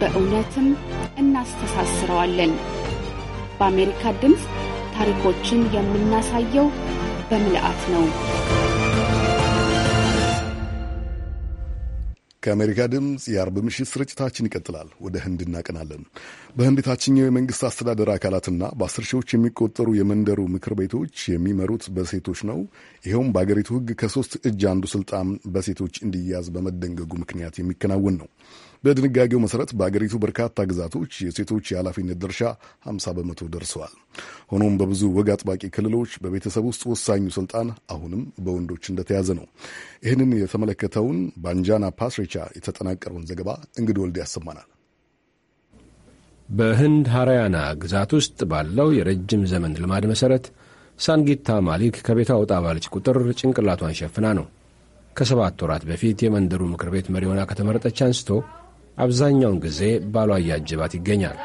በእውነትም እናስተሳስረዋለን። በአሜሪካ ድምፅ ታሪኮችን የምናሳየው በምልአት ነው። ከአሜሪካ ድምፅ የአርብ ምሽት ስርጭታችን ይቀጥላል። ወደ ህንድ እናቀናለን። በህንድ ታችኛው የመንግስት አስተዳደር አካላትና በአስር ሺዎች የሚቆጠሩ የመንደሩ ምክር ቤቶች የሚመሩት በሴቶች ነው። ይኸውም በአገሪቱ ህግ ከሶስት እጅ አንዱ ስልጣን በሴቶች እንዲያዝ በመደንገጉ ምክንያት የሚከናወን ነው። በድንጋጌው መሰረት በአገሪቱ በርካታ ግዛቶች የሴቶች የኃላፊነት ድርሻ 50 በመቶ ደርሰዋል። ሆኖም በብዙ ወግ አጥባቂ ክልሎች በቤተሰብ ውስጥ ወሳኙ ስልጣን አሁንም በወንዶች እንደተያዘ ነው። ይህንን የተመለከተውን ባንጃና ፓስሬቻ የተጠናቀረውን ዘገባ እንግድ ወልድ ያሰማናል። በህንድ ሃራያና ግዛት ውስጥ ባለው የረጅም ዘመን ልማድ መሠረት ሳንጊታ ማሊክ ከቤቷ ወጣ ባለች ቁጥር ጭንቅላቷን ሸፍና ነው ከሰባት ወራት በፊት የመንደሩ ምክር ቤት መሪ ሆና ከተመረጠች አንስቶ አብዛኛውን ጊዜ ባሏ እያጀባት ይገኛል።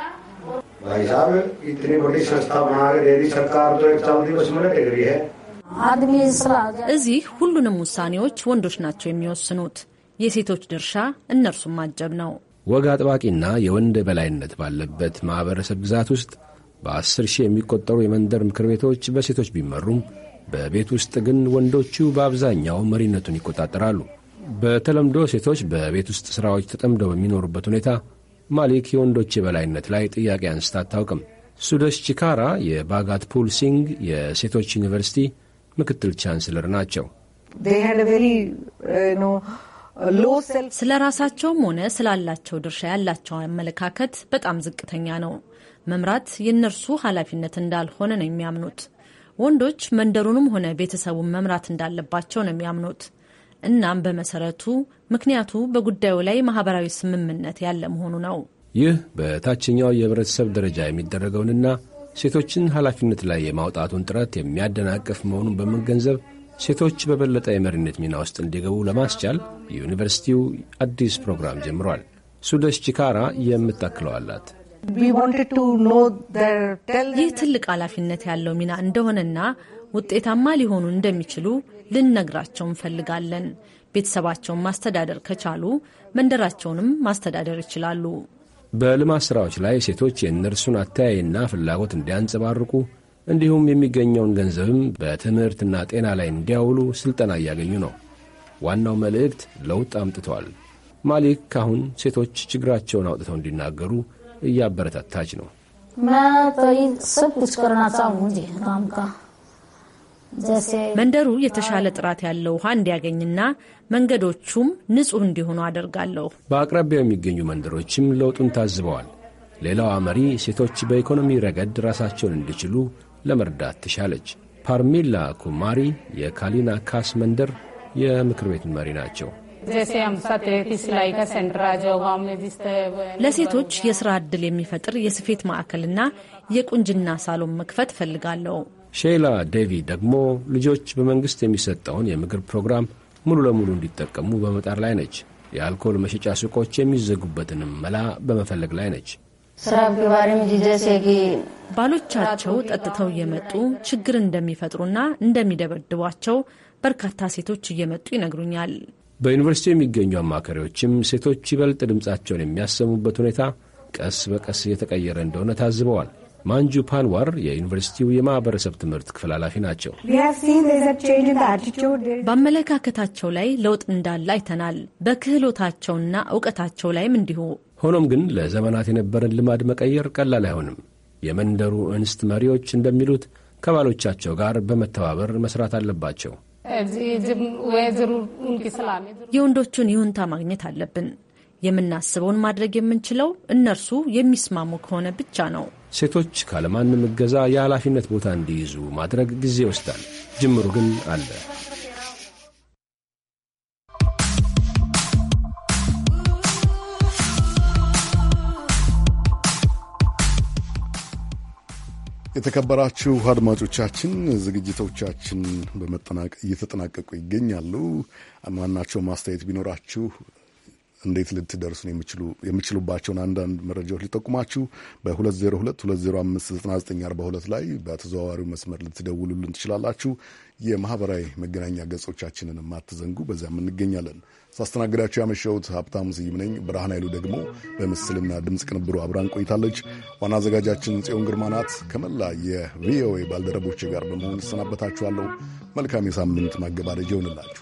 እዚህ ሁሉንም ውሳኔዎች ወንዶች ናቸው የሚወስኑት። የሴቶች ድርሻ እነርሱን ማጀብ ነው። ወግ አጥባቂና የወንድ በላይነት ባለበት ማኅበረሰብ ግዛት ውስጥ በአስር ሺህ የሚቆጠሩ የመንደር ምክር ቤቶች በሴቶች ቢመሩም በቤት ውስጥ ግን ወንዶቹ በአብዛኛው መሪነቱን ይቆጣጠራሉ። በተለምዶ ሴቶች በቤት ውስጥ ሥራዎች ተጠምደው በሚኖሩበት ሁኔታ ማሊክ የወንዶች የበላይነት ላይ ጥያቄ አንስታ አታውቅም። ሱደሽ ቺካራ የባጋት ፑል ሲንግ የሴቶች ዩኒቨርሲቲ ምክትል ቻንስለር ናቸው። uh, ስለ ራሳቸውም ሆነ ስላላቸው ድርሻ ያላቸው አመለካከት በጣም ዝቅተኛ ነው። መምራት የእነርሱ ኃላፊነት እንዳልሆነ ነው የሚያምኑት። ወንዶች መንደሩንም ሆነ ቤተሰቡን መምራት እንዳለባቸው ነው የሚያምኑት። እናም በመሰረቱ ምክንያቱ በጉዳዩ ላይ ማህበራዊ ስምምነት ያለ መሆኑ ነው። ይህ በታችኛው የህብረተሰብ ደረጃ የሚደረገውንና ሴቶችን ኃላፊነት ላይ የማውጣቱን ጥረት የሚያደናቅፍ መሆኑን በመገንዘብ ሴቶች በበለጠ የመሪነት ሚና ውስጥ እንዲገቡ ለማስቻል ዩኒቨርሲቲው አዲስ ፕሮግራም ጀምሯል። ሱደስ ቺካራ የምታክለው አላት። ይህ ትልቅ ኃላፊነት ያለው ሚና እንደሆነና ውጤታማ ሊሆኑ እንደሚችሉ ልንነግራቸው እንፈልጋለን። ቤተሰባቸውን ማስተዳደር ከቻሉ መንደራቸውንም ማስተዳደር ይችላሉ። በልማት ሥራዎች ላይ ሴቶች የእነርሱን አተያይና ፍላጎት እንዲያንጸባርቁ እንዲሁም የሚገኘውን ገንዘብም በትምህርትና ጤና ላይ እንዲያውሉ ሥልጠና እያገኙ ነው። ዋናው መልእክት ለውጥ አምጥቷል። ማሊክ ካሁን ሴቶች ችግራቸውን አውጥተው እንዲናገሩ እያበረታታች ነው። መንደሩ የተሻለ ጥራት ያለው ውሃ እንዲያገኝና መንገዶቹም ንጹህ እንዲሆኑ አደርጋለሁ። በአቅራቢያው የሚገኙ መንደሮችም ለውጡን ታዝበዋል። ሌላዋ መሪ ሴቶች በኢኮኖሚ ረገድ ራሳቸውን እንዲችሉ ለመርዳት ትሻለች። ፓርሚላ ኩማሪ የካሊና ካስ መንደር የምክር ቤት መሪ ናቸው። ለሴቶች የሥራ ዕድል የሚፈጥር የስፌት ማዕከልና የቁንጅና ሳሎን መክፈት እፈልጋለሁ። ሼይላ ዴቪ ደግሞ ልጆች በመንግሥት የሚሰጠውን የምግብ ፕሮግራም ሙሉ ለሙሉ እንዲጠቀሙ በመጣር ላይ ነች። የአልኮል መሸጫ ሱቆች የሚዘጉበትንም መላ በመፈለግ ላይ ነች። ባሎቻቸው ጠጥተው እየመጡ ችግር እንደሚፈጥሩና እንደሚደበድቧቸው በርካታ ሴቶች እየመጡ ይነግሩኛል። በዩኒቨርሲቲ የሚገኙ አማካሪዎችም ሴቶች ይበልጥ ድምፃቸውን የሚያሰሙበት ሁኔታ ቀስ በቀስ እየተቀየረ እንደሆነ ታዝበዋል። ማንጁ ፓንዋር የዩኒቨርሲቲው የማህበረሰብ ትምህርት ክፍል ኃላፊ ናቸው። በአመለካከታቸው ላይ ለውጥ እንዳለ አይተናል። በክህሎታቸውና እውቀታቸው ላይም እንዲሁ። ሆኖም ግን ለዘመናት የነበረን ልማድ መቀየር ቀላል አይሆንም። የመንደሩ እንስት መሪዎች እንደሚሉት ከባሎቻቸው ጋር በመተባበር መስራት አለባቸው። የወንዶቹን ይሁንታ ማግኘት አለብን። የምናስበውን ማድረግ የምንችለው እነርሱ የሚስማሙ ከሆነ ብቻ ነው። ሴቶች ካለማንም እገዛ የኃላፊነት ቦታ እንዲይዙ ማድረግ ጊዜ ይወስዳል። ጅምሩ ግን አለ። የተከበራችሁ አድማጮቻችን ዝግጅቶቻችን በመጠናቀቅ እየተጠናቀቁ ይገኛሉ። ማናቸው ማስተያየት ቢኖራችሁ እንዴት ልትደርሱን የሚችሉባቸውን አንዳንድ መረጃዎች ሊጠቁማችሁ በ2022059942 ላይ በተዘዋዋሪው መስመር ልትደውሉልን ትችላላችሁ። የማህበራዊ መገናኛ ገጾቻችንን ማትዘንጉ፣ በዚያም እንገኛለን። ሳስተናግዳችሁ ያመሸሁት ሀብታሙ ስይም ነኝ። ብርሃን ኃይሉ ደግሞ በምስልና ድምፅ ቅንብሩ አብራን ቆይታለች። ዋና አዘጋጃችን ጽዮን ግርማ ናት። ከመላ የቪኦኤ ባልደረቦች ጋር በመሆን እሰናበታችኋለሁ። መልካም የሳምንት ማገባደጅ ይሆንላችሁ።